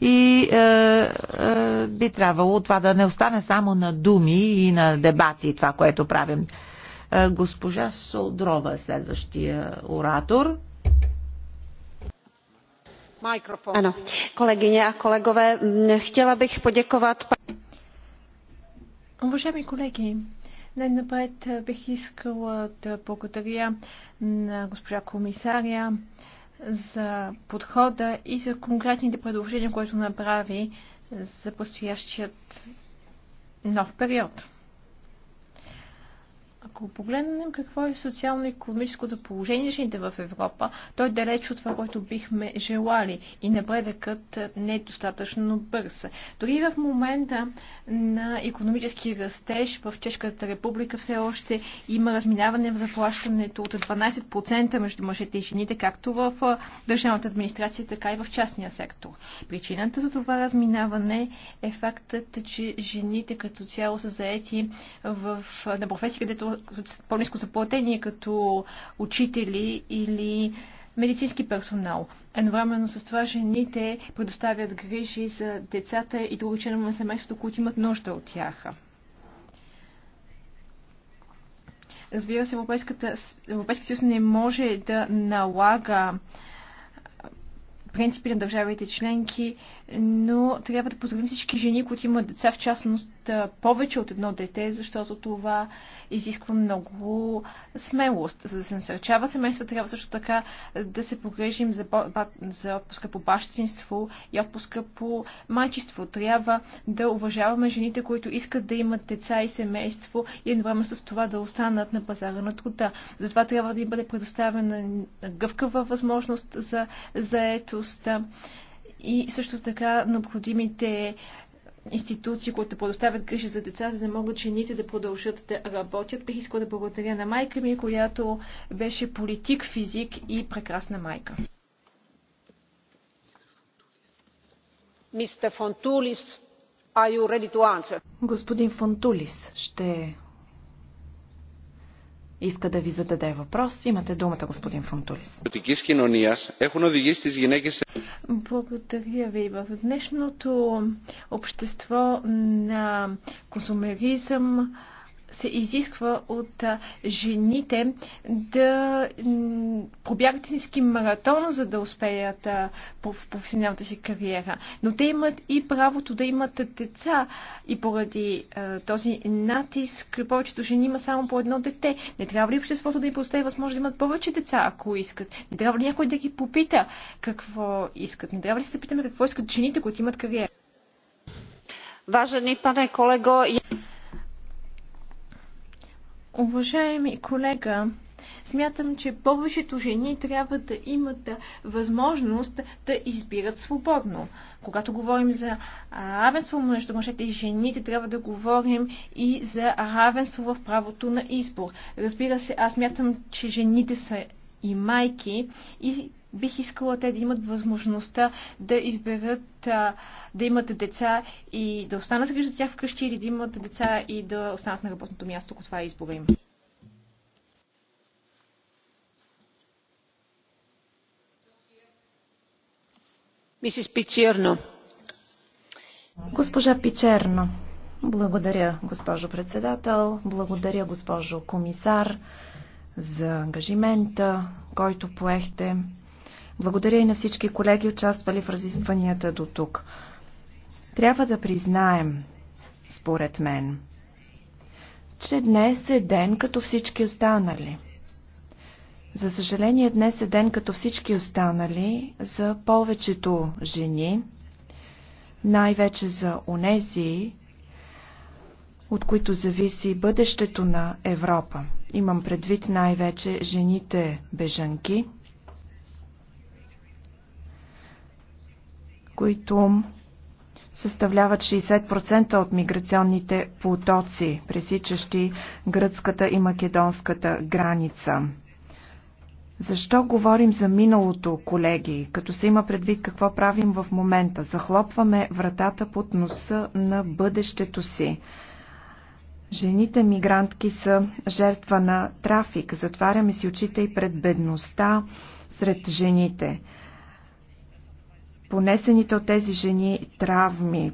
и а, а, би трябвало това да не остане само на думи и на дебати, това, което правим. А, госпожа Солдрова е следващия оратор. Ano, kolegyně a kolegové, chtěla bych poděkovat. Уважаеми колеги, най-напред бих искала да благодаря на госпожа комисаря за подхода и за конкретните предложения, които направи за предстоящият нов период. Ако погледнем какво е социално-економическото положение на жените в Европа, той е далеч от това, което бихме желали и напредъкът не е достатъчно бърз. Дори в момента на економически растеж в Чешката република все още има разминаване в заплащането от 12% между мъжете и жените, както в държавната администрация, така и в частния сектор. Причината за това разминаване е фактът, че жените като цяло са заети в, на професии, където по-низко заплатени като учители или медицински персонал. Едновременно с това жените предоставят грижи за децата и други членове на семейството, които имат нужда от тях. Разбира се, Европейска Европейския съюз не може да налага принципи на държавите членки, но трябва да поздравим всички жени, които имат деца, в частност повече от едно дете, защото това изисква много смелост. За да се насърчава семейства, трябва също така да се погрежим за, за отпуска по бащинство и отпуска по майчество. Трябва да уважаваме жените, които искат да имат деца и семейство и едновременно с това да останат на пазара на труда. Затова трябва да им бъде предоставена гъвкава възможност за заетост и също така необходимите институции, които предоставят грижи за деца, за да могат жените да продължат да работят. Бих искала да благодаря на майка ми, която беше политик, физик и прекрасна майка. Мистер Фонтулис, Господин Фонтулис, ще иска да ви зададе въпрос. Имате думата, господин Фунтулис. Благодаря ви. В днешното общество на консумеризъм, се изисква от жените да пробягат истински маратон, за да успеят в професионалната си кариера. Но те имат и правото да имат деца и поради този натиск повечето жени има само по едно дете. Не трябва ли обществото да им постави възможност да имат повече деца, ако искат? Не трябва ли някой да ги попита какво искат? Не трябва ли да се питаме какво искат жените, които имат кариера? Важени е, пане колего, Уважаеми колега, смятам, че повечето жени трябва да имат възможност да избират свободно. Когато говорим за равенство между мъжете и жените, трябва да говорим и за равенство в правото на избор. Разбира се, аз смятам, че жените са и майки и бих искала те да имат възможността да изберат а, да имат деца и да останат с за тях вкъщи или да имат деца и да останат на работното място, ако това е избора им. Мисис Пичерно. Госпожа Пичерно. Благодаря, госпожо председател. Благодаря, госпожо комисар, за ангажимента, който поехте. Благодаря и на всички колеги, участвали в разискванията до тук. Трябва да признаем, според мен, че днес е ден като всички останали. За съжаление, днес е ден като всички останали за повечето жени, най-вече за онези, от които зависи бъдещето на Европа. Имам предвид най-вече жените бежанки – които съставляват 60% от миграционните потоци, пресичащи гръцката и македонската граница. Защо говорим за миналото, колеги, като се има предвид какво правим в момента? Захлопваме вратата под носа на бъдещето си. Жените мигрантки са жертва на трафик. Затваряме си очите и пред бедността сред жените понесените от тези жени травми,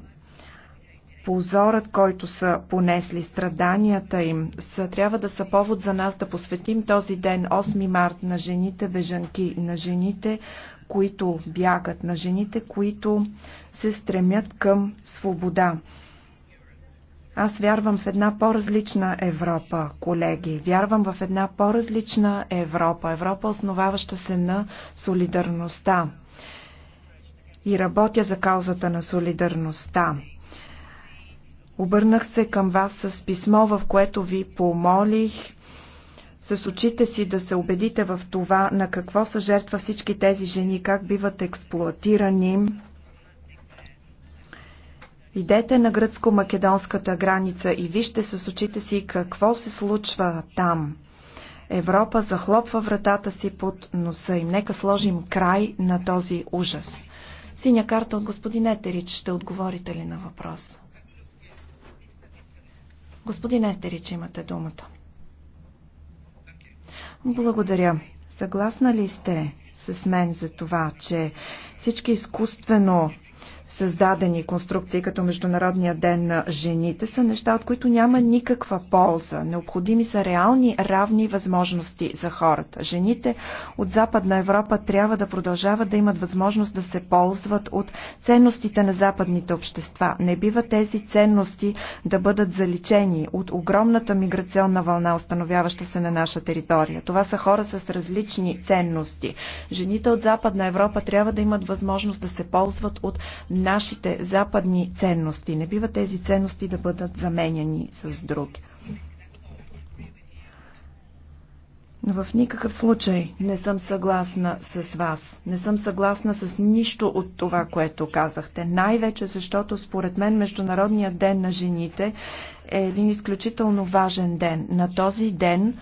позорът, който са понесли, страданията им, са, трябва да са повод за нас да посветим този ден, 8 март, на жените бежанки, на жените, които бягат, на жените, които се стремят към свобода. Аз вярвам в една по-различна Европа, колеги. Вярвам в една по-различна Европа. Европа, основаваща се на солидарността и работя за каузата на солидарността. Обърнах се към вас с писмо, в което ви помолих с очите си да се убедите в това на какво са жертва всички тези жени, как биват експлуатирани. Идете на гръцко-македонската граница и вижте с очите си какво се случва там. Европа захлопва вратата си под носа им. Нека сложим край на този ужас. Синя карта от господин Етерич. Ще отговорите ли на въпрос? Господин Етерич, имате думата. Благодаря. Съгласна ли сте с мен за това, че всички изкуствено създадени конструкции като Международния ден на жените са неща, от които няма никаква полза. Необходими са реални равни възможности за хората. Жените от Западна Европа трябва да продължават да имат възможност да се ползват от ценностите на западните общества. Не бива тези ценности да бъдат заличени от огромната миграционна вълна, установяваща се на наша територия. Това са хора с различни ценности. Жените от Западна Европа трябва да имат възможност да се ползват от нашите западни ценности. Не бива тези ценности да бъдат заменяни с други. Но в никакъв случай не съм съгласна с вас. Не съм съгласна с нищо от това, което казахте. Най-вече защото според мен Международният ден на жените е един изключително важен ден. На този ден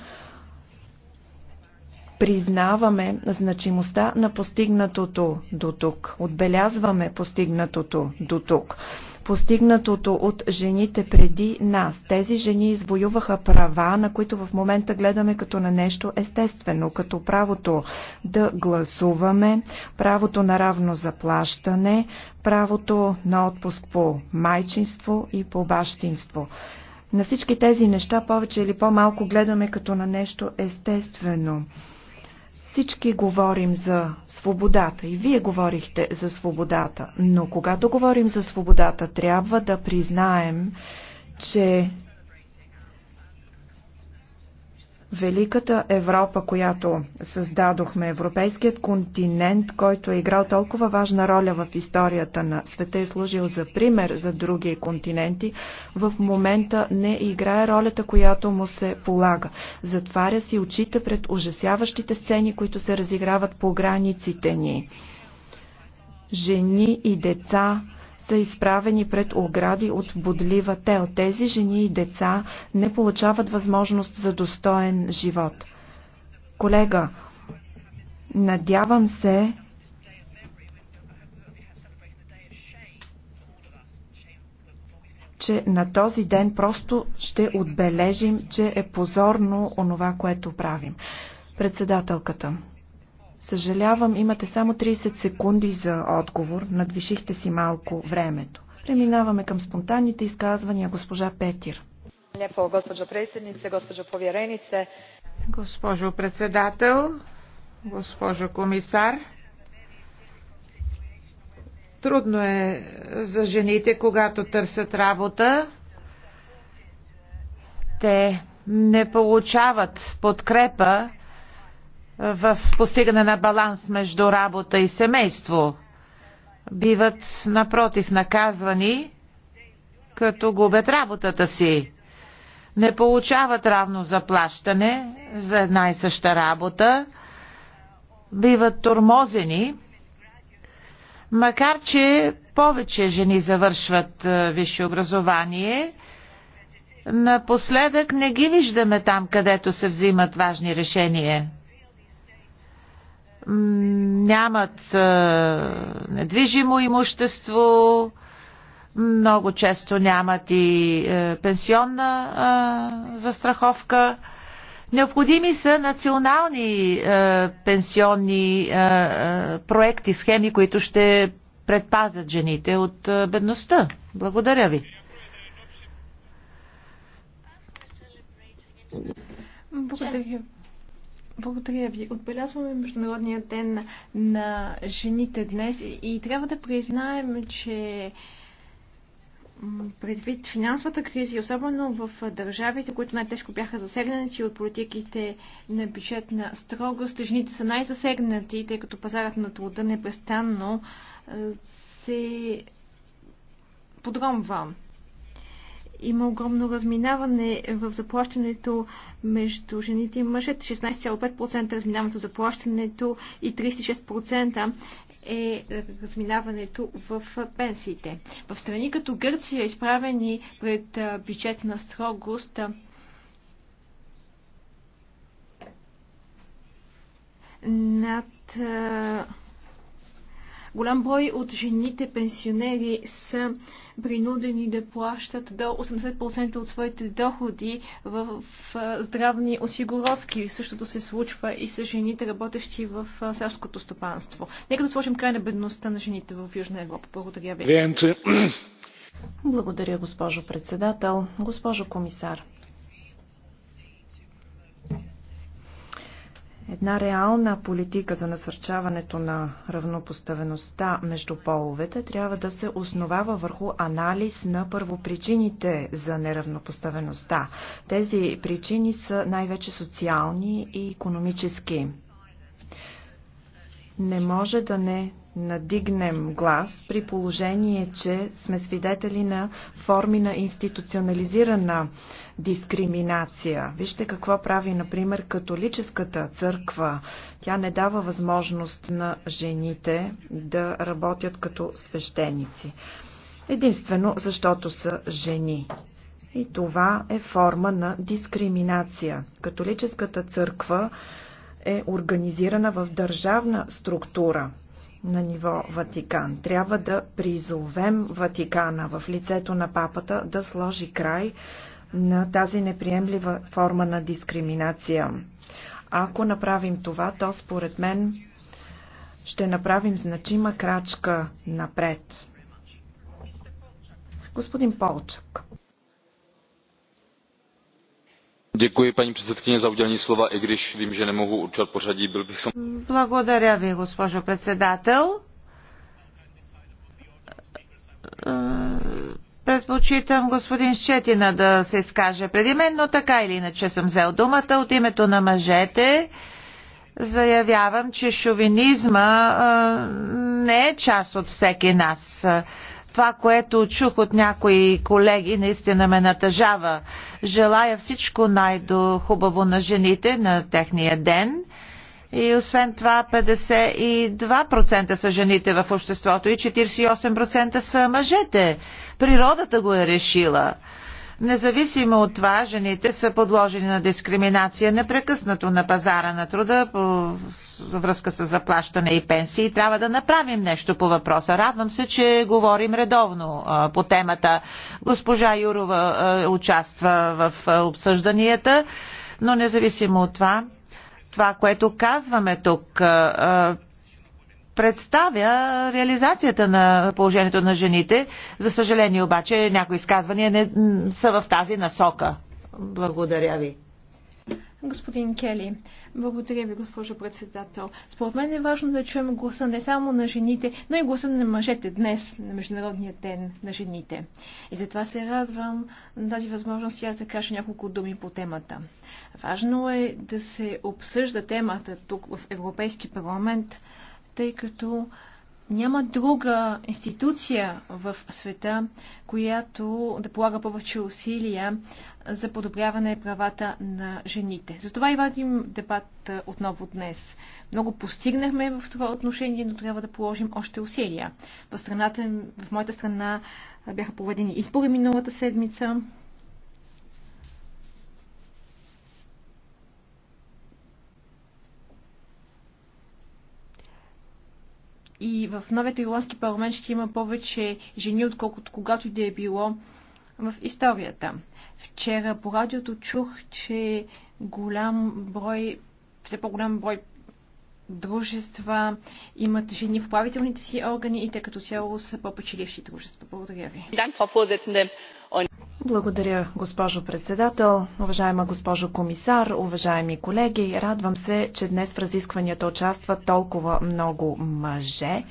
признаваме значимостта на постигнатото до тук. Отбелязваме постигнатото до тук. Постигнатото от жените преди нас. Тези жени извоюваха права, на които в момента гледаме като на нещо естествено, като правото да гласуваме, правото на равно заплащане, правото на отпуск по майчинство и по бащинство. На всички тези неща повече или по-малко гледаме като на нещо естествено. Всички говорим за свободата и вие говорихте за свободата, но когато говорим за свободата, трябва да признаем, че Великата Европа, която създадохме, европейският континент, който е играл толкова важна роля в историята на света и е служил за пример за други континенти, в момента не играе ролята, която му се полага. Затваря си очите пред ужасяващите сцени, които се разиграват по границите ни. Жени и деца са изправени пред огради от бодлива тел. Тези жени и деца не получават възможност за достоен живот. Колега, надявам се, че на този ден просто ще отбележим, че е позорно онова, което правим. Председателката. Съжалявам, имате само 30 секунди за отговор. Надвишихте си малко времето. Преминаваме към спонтанните изказвания. Госпожа Петир. Лепо, госпожо председнице, госпожо поверенице. Госпожо председател, госпожо комисар, трудно е за жените, когато търсят работа. Те не получават подкрепа в постигане на баланс между работа и семейство, биват напротив наказвани, като губят работата си. Не получават равно заплащане за една и съща работа, биват тормозени, макар че повече жени завършват висше образование, напоследък не ги виждаме там, където се взимат важни решения нямат недвижимо имущество, много често нямат и пенсионна застраховка. Необходими са национални пенсионни проекти, схеми, които ще предпазят жените от е, бедността. Благодаря ви. Благодаря. Благодаря ви. Отбелязваме Международния ден на жените днес и трябва да признаем, че предвид финансовата криза и особено в държавите, които най-тежко бяха засегнати от политиките на бюджетна строгост, жените са най-засегнати, тъй като пазарът на труда непрестанно се подромва има огромно разминаване в заплащането между жените и мъжете. 16,5% разминават разминаването в заплащането и 36% е разминаването в пенсиите. В страни като Гърция, изправени пред бюджетна строгост, над Голям брой от жените пенсионери са принудени да плащат до 80% от своите доходи в, здравни осигуровки. Същото се случва и с жените, работещи в селското стопанство. Нека да сложим край на бедността на жените в Южна Европа. Благодаря ви. Благодаря, госпожо председател. Госпожо комисар, Една реална политика за насърчаването на равнопоставеността между половете трябва да се основава върху анализ на първопричините за неравнопоставеността. Тези причини са най-вече социални и економически. Не може да не надигнем глас при положение, че сме свидетели на форми на институционализирана дискриминация. Вижте какво прави, например, католическата църква. Тя не дава възможност на жените да работят като свещеници. Единствено, защото са жени. И това е форма на дискриминация. Католическата църква е организирана в държавна структура на ниво Ватикан. Трябва да призовем Ватикана в лицето на папата да сложи край на тази неприемлива форма на дискриминация. Ако направим това, то според мен ще направим значима крачка напред. Господин Полчък paní předsedající Благодаря ви, госпожо председател. Е, предпочитам господин Щетина да се изкаже преди мен, но така или иначе съм взел думата от името на мъжете. Заявявам, че шовинизма е, не е част от всеки нас. Това, което чух от някои колеги, наистина ме натъжава. Желая всичко най-хубаво на жените на техния ден. И освен това 52% са жените в обществото и 48% са мъжете. Природата го е решила. Независимо от това, жените са подложени на дискриминация непрекъснато на пазара на труда по връзка с заплащане и пенсии. Трябва да направим нещо по въпроса. Радвам се, че говорим редовно по темата. Госпожа Юрова участва в обсъжданията, но независимо от това, това, което казваме тук, представя реализацията на положението на жените. За съжаление обаче някои изказвания не са в тази насока. Благодаря ви. Господин Кели, благодаря ви, госпожо председател. Според мен е важно да чуем гласа не само на жените, но и гласа на мъжете днес, на Международния ден на жените. И затова се радвам на тази възможност и аз да кажа няколко думи по темата. Важно е да се обсъжда темата тук в Европейски парламент, тъй като няма друга институция в света, която да полага повече усилия за подобряване правата на жените. Затова и вадим дебат отново днес. Много постигнахме в това отношение, но трябва да положим още усилия. В, страната, в моята страна бяха проведени избори миналата седмица. в новият ирландски парламент ще има повече жени, отколкото когато и да е било в историята. Вчера по радиото чух, че голям брой, все по-голям брой дружества имат жени в правителните си органи и те като цяло са по-печеливши дружества. Благодаря ви. Благодаря, госпожо председател, уважаема госпожо комисар, уважаеми колеги. Радвам се, че днес в разискванията участват толкова много мъже.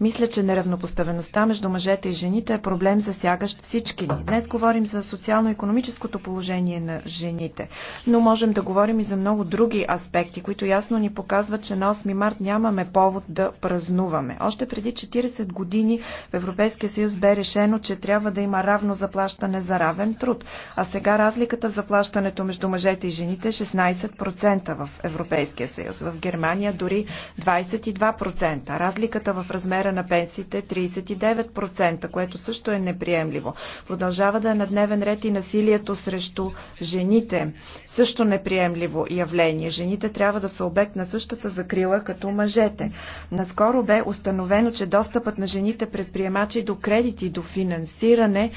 Мисля, че неравнопоставеността между мъжете и жените е проблем засягащ всички ни. Днес говорим за социално-економическото положение на жените, но можем да говорим и за много други аспекти, които ясно ни показват, че на 8 март нямаме повод да празнуваме. Още преди 40 години в Европейския съюз бе решено, че трябва да има равно заплащане плащане за равен труд. А сега разликата в заплащането между мъжете и жените е 16% в Европейския съюз. В Германия дори 22%. Разликата в размера на пенсиите е 39%, което също е неприемливо. Продължава да е на дневен ред и насилието срещу жените. Също неприемливо явление. Жените трябва да са обект на същата закрила като мъжете. Наскоро бе установено, че достъпът на жените предприемачи до кредити, до финансиране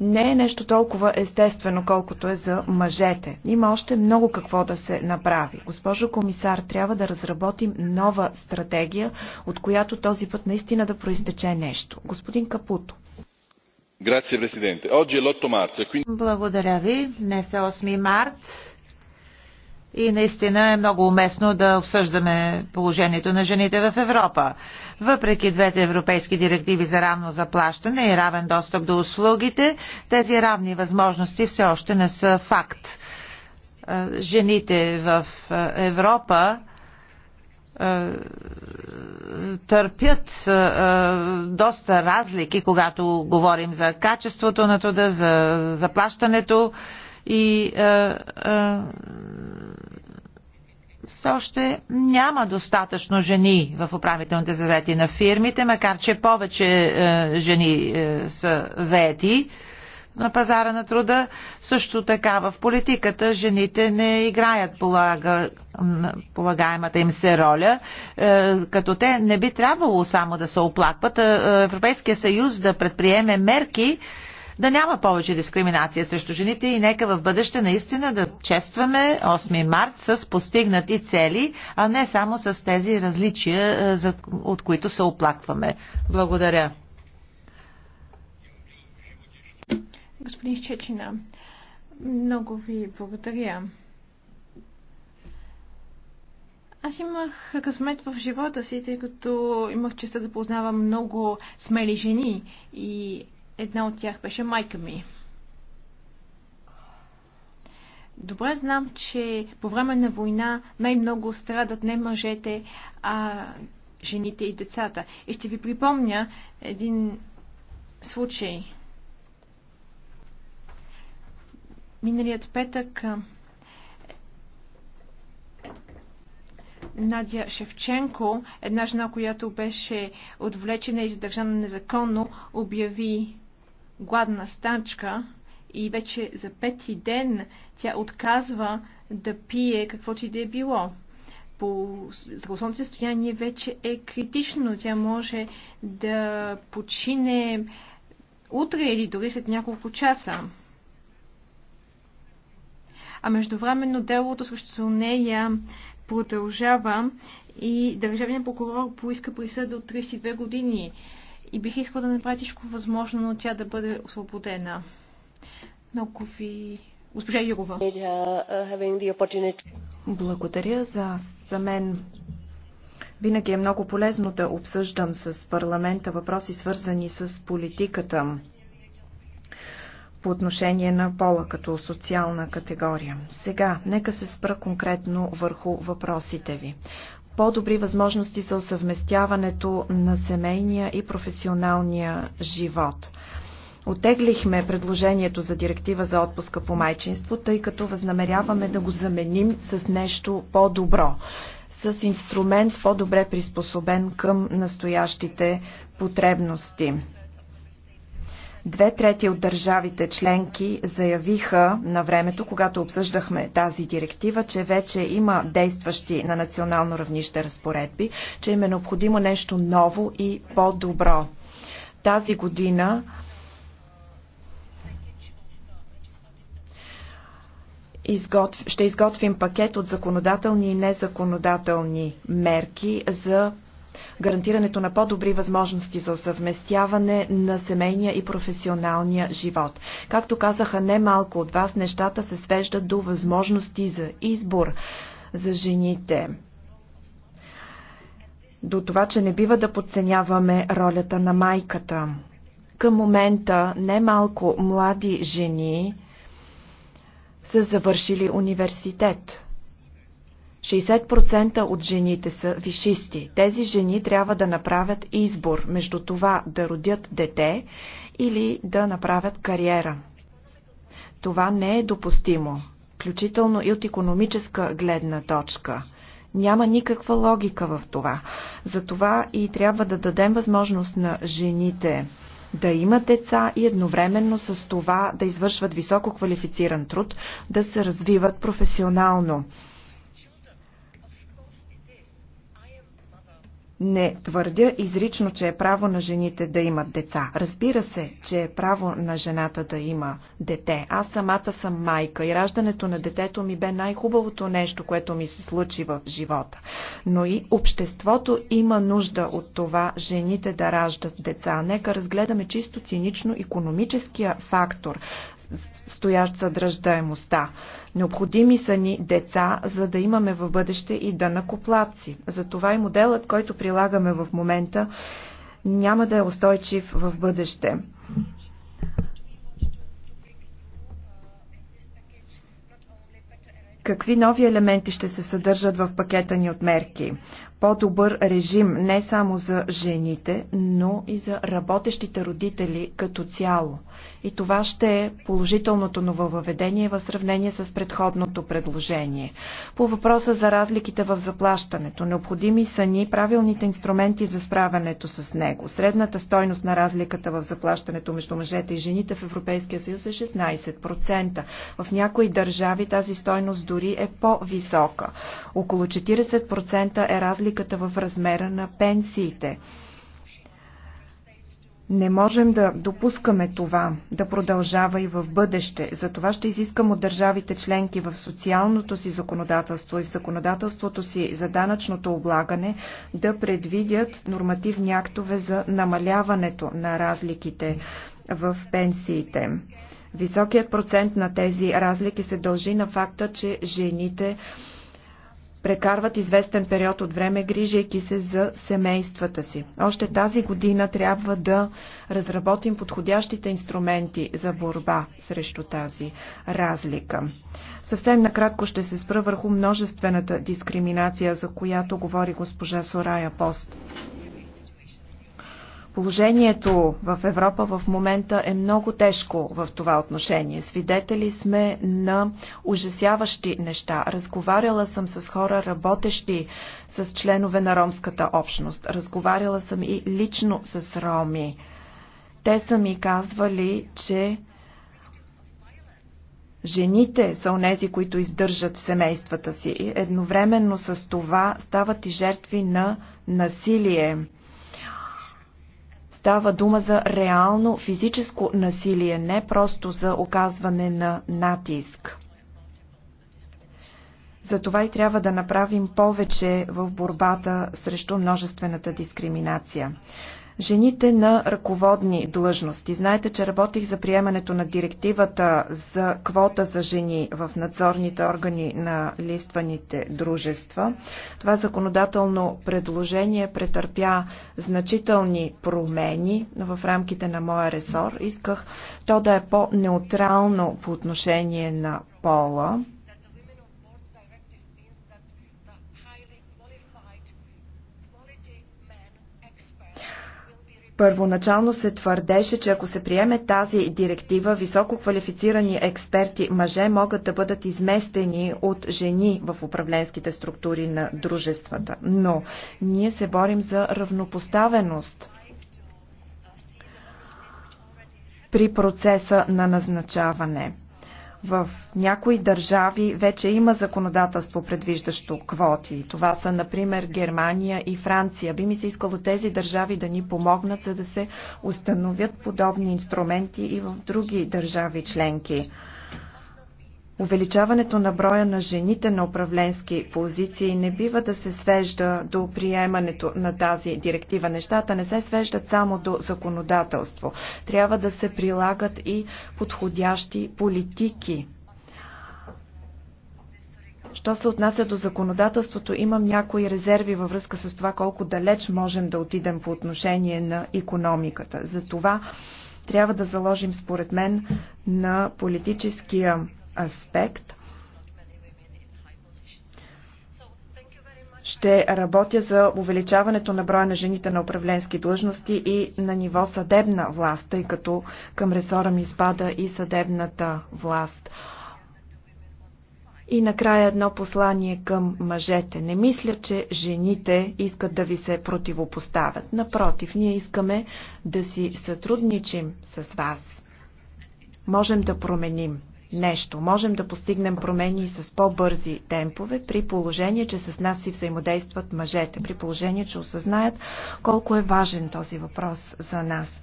не е нещо толкова естествено, колкото е за мъжете. Има още много какво да се направи. Госпожо комисар, трябва да разработим нова стратегия, от която този път наистина да проистече нещо. Господин Капуто. Е Благодаря ви. Днес е 8 март и наистина е много уместно да обсъждаме положението на жените в Европа. Въпреки двете европейски директиви за равно заплащане и равен достъп до услугите, тези равни възможности все още не са факт. Е, жените в е, Европа е, търпят доста разлики, когато говорим за качеството на труда, за заплащането и все още няма достатъчно жени в управителните завети на фирмите, макар че повече е, жени е, са заети на пазара на труда. Също така в политиката жените не играят полага, полагаемата им се роля, е, като те не би трябвало само да се оплакват. Е, Европейския съюз да предприеме мерки, е, да няма повече дискриминация срещу жените и нека в бъдеще наистина да честваме 8 март с постигнати цели, а не само с тези различия, е, от които се оплакваме. Благодаря. Господин Щечина, много ви благодаря. Аз имах късмет в живота си, тъй като имах честа да познавам много смели жени и Една от тях беше майка ми. Добре знам, че по време на война най-много страдат не мъжете, а жените и децата. И ще ви припомня един случай. Миналият петък Надя Шевченко, една жена, която беше отвлечена и задържана незаконно, обяви гладна стачка и вече за пети ден тя отказва да пие каквото и да е било. По здравословното състояние вече е критично. Тя може да почине утре или дори след няколко часа. А междувременно делото срещу нея продължава и държавният прокурор поиска присъда от 32 години и бих искала да направя всичко възможно тя да бъде освободена. Много ви... Госпожа Юрова. Благодаря за, за мен. Винаги е много полезно да обсъждам с парламента въпроси свързани с политиката по отношение на пола като социална категория. Сега, нека се спра конкретно върху въпросите ви по-добри възможности за съвместяването на семейния и професионалния живот. Отеглихме предложението за директива за отпуска по майчинство, тъй като възнамеряваме да го заменим с нещо по-добро, с инструмент по-добре приспособен към настоящите потребности. Две трети от държавите членки заявиха на времето, когато обсъждахме тази директива, че вече има действащи на национално равнище разпоредби, че им е необходимо нещо ново и по-добро. Тази година изготв... ще изготвим пакет от законодателни и незаконодателни мерки за гарантирането на по-добри възможности за съвместяване на семейния и професионалния живот. Както казаха немалко от вас, нещата се свеждат до възможности за избор за жените до това, че не бива да подценяваме ролята на майката. Към момента немалко млади жени са завършили университет. 60% от жените са вишисти. Тези жени трябва да направят избор между това да родят дете или да направят кариера. Това не е допустимо, включително и от економическа гледна точка. Няма никаква логика в това. Затова и трябва да дадем възможност на жените да имат деца и едновременно с това да извършват високо квалифициран труд, да се развиват професионално. Не твърдя изрично, че е право на жените да имат деца. Разбира се, че е право на жената да има дете. Аз самата съм майка и раждането на детето ми бе най-хубавото нещо, което ми се случи в живота. Но и обществото има нужда от това жените да раждат деца. Нека разгледаме чисто цинично економическия фактор, стоящ за дръждаемостта. Необходими са ни деца, за да имаме в бъдеще и да накоплаци. Затова и моделът, който прилагаме в момента, няма да е устойчив в бъдеще. Какви нови елементи ще се съдържат в пакета ни от мерки? По-добър режим не само за жените, но и за работещите родители като цяло. И това ще е положителното нововъведение в сравнение с предходното предложение. По въпроса за разликите в заплащането, необходими са ни правилните инструменти за справянето с него. Средната стойност на разликата в заплащането между мъжете и жените в Европейския съюз е 16%. В някои държави тази стойност до дори е по-висока. Около 40% е разликата в размера на пенсиите. Не можем да допускаме това да продължава и в бъдеще. Затова ще изискам от държавите членки в социалното си законодателство и в законодателството си за данъчното облагане да предвидят нормативни актове за намаляването на разликите в пенсиите. Високият процент на тези разлики се дължи на факта, че жените прекарват известен период от време, грижайки се за семействата си. Още тази година трябва да разработим подходящите инструменти за борба срещу тази разлика. Съвсем накратко ще се спра върху множествената дискриминация, за която говори госпожа Сорая Пост. Положението в Европа в момента е много тежко в това отношение. Свидетели сме на ужасяващи неща. Разговаряла съм с хора, работещи с членове на ромската общност. Разговаряла съм и лично с роми. Те са ми казвали, че Жените са онези, които издържат семействата си. Едновременно с това стават и жертви на насилие. Става дума за реално физическо насилие, не просто за оказване на натиск. Затова и трябва да направим повече в борбата срещу множествената дискриминация жените на ръководни длъжности. Знаете, че работих за приемането на директивата за квота за жени в надзорните органи на листваните дружества. Това законодателно предложение претърпя значителни промени в рамките на моя ресор. Исках то да е по-неутрално по отношение на пола Първоначално се твърдеше, че ако се приеме тази директива, високо квалифицирани експерти мъже могат да бъдат изместени от жени в управленските структури на дружествата. Но ние се борим за равнопоставеност при процеса на назначаване. В някои държави вече има законодателство, предвиждащо квоти. Това са, например, Германия и Франция. Би ми се искало тези държави да ни помогнат, за да се установят подобни инструменти и в други държави членки. Увеличаването на броя на жените на управленски позиции не бива да се свежда до приемането на тази директива. Нещата не се свеждат само до законодателство. Трябва да се прилагат и подходящи политики. Що се отнася до законодателството, имам някои резерви във връзка с това колко далеч можем да отидем по отношение на економиката. За това трябва да заложим, според мен, на политическия аспект. Ще работя за увеличаването на броя на жените на управленски длъжности и на ниво съдебна власт, тъй като към ресора ми спада и съдебната власт. И накрая едно послание към мъжете. Не мисля, че жените искат да ви се противопоставят. Напротив, ние искаме да си сътрудничим с вас. Можем да променим нещо. Можем да постигнем промени с по-бързи темпове, при положение, че с нас си взаимодействат мъжете, при положение, че осъзнаят колко е важен този въпрос за нас.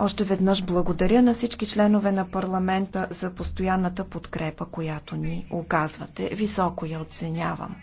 Още веднъж благодаря на всички членове на парламента за постоянната подкрепа, която ни оказвате. Високо я оценявам.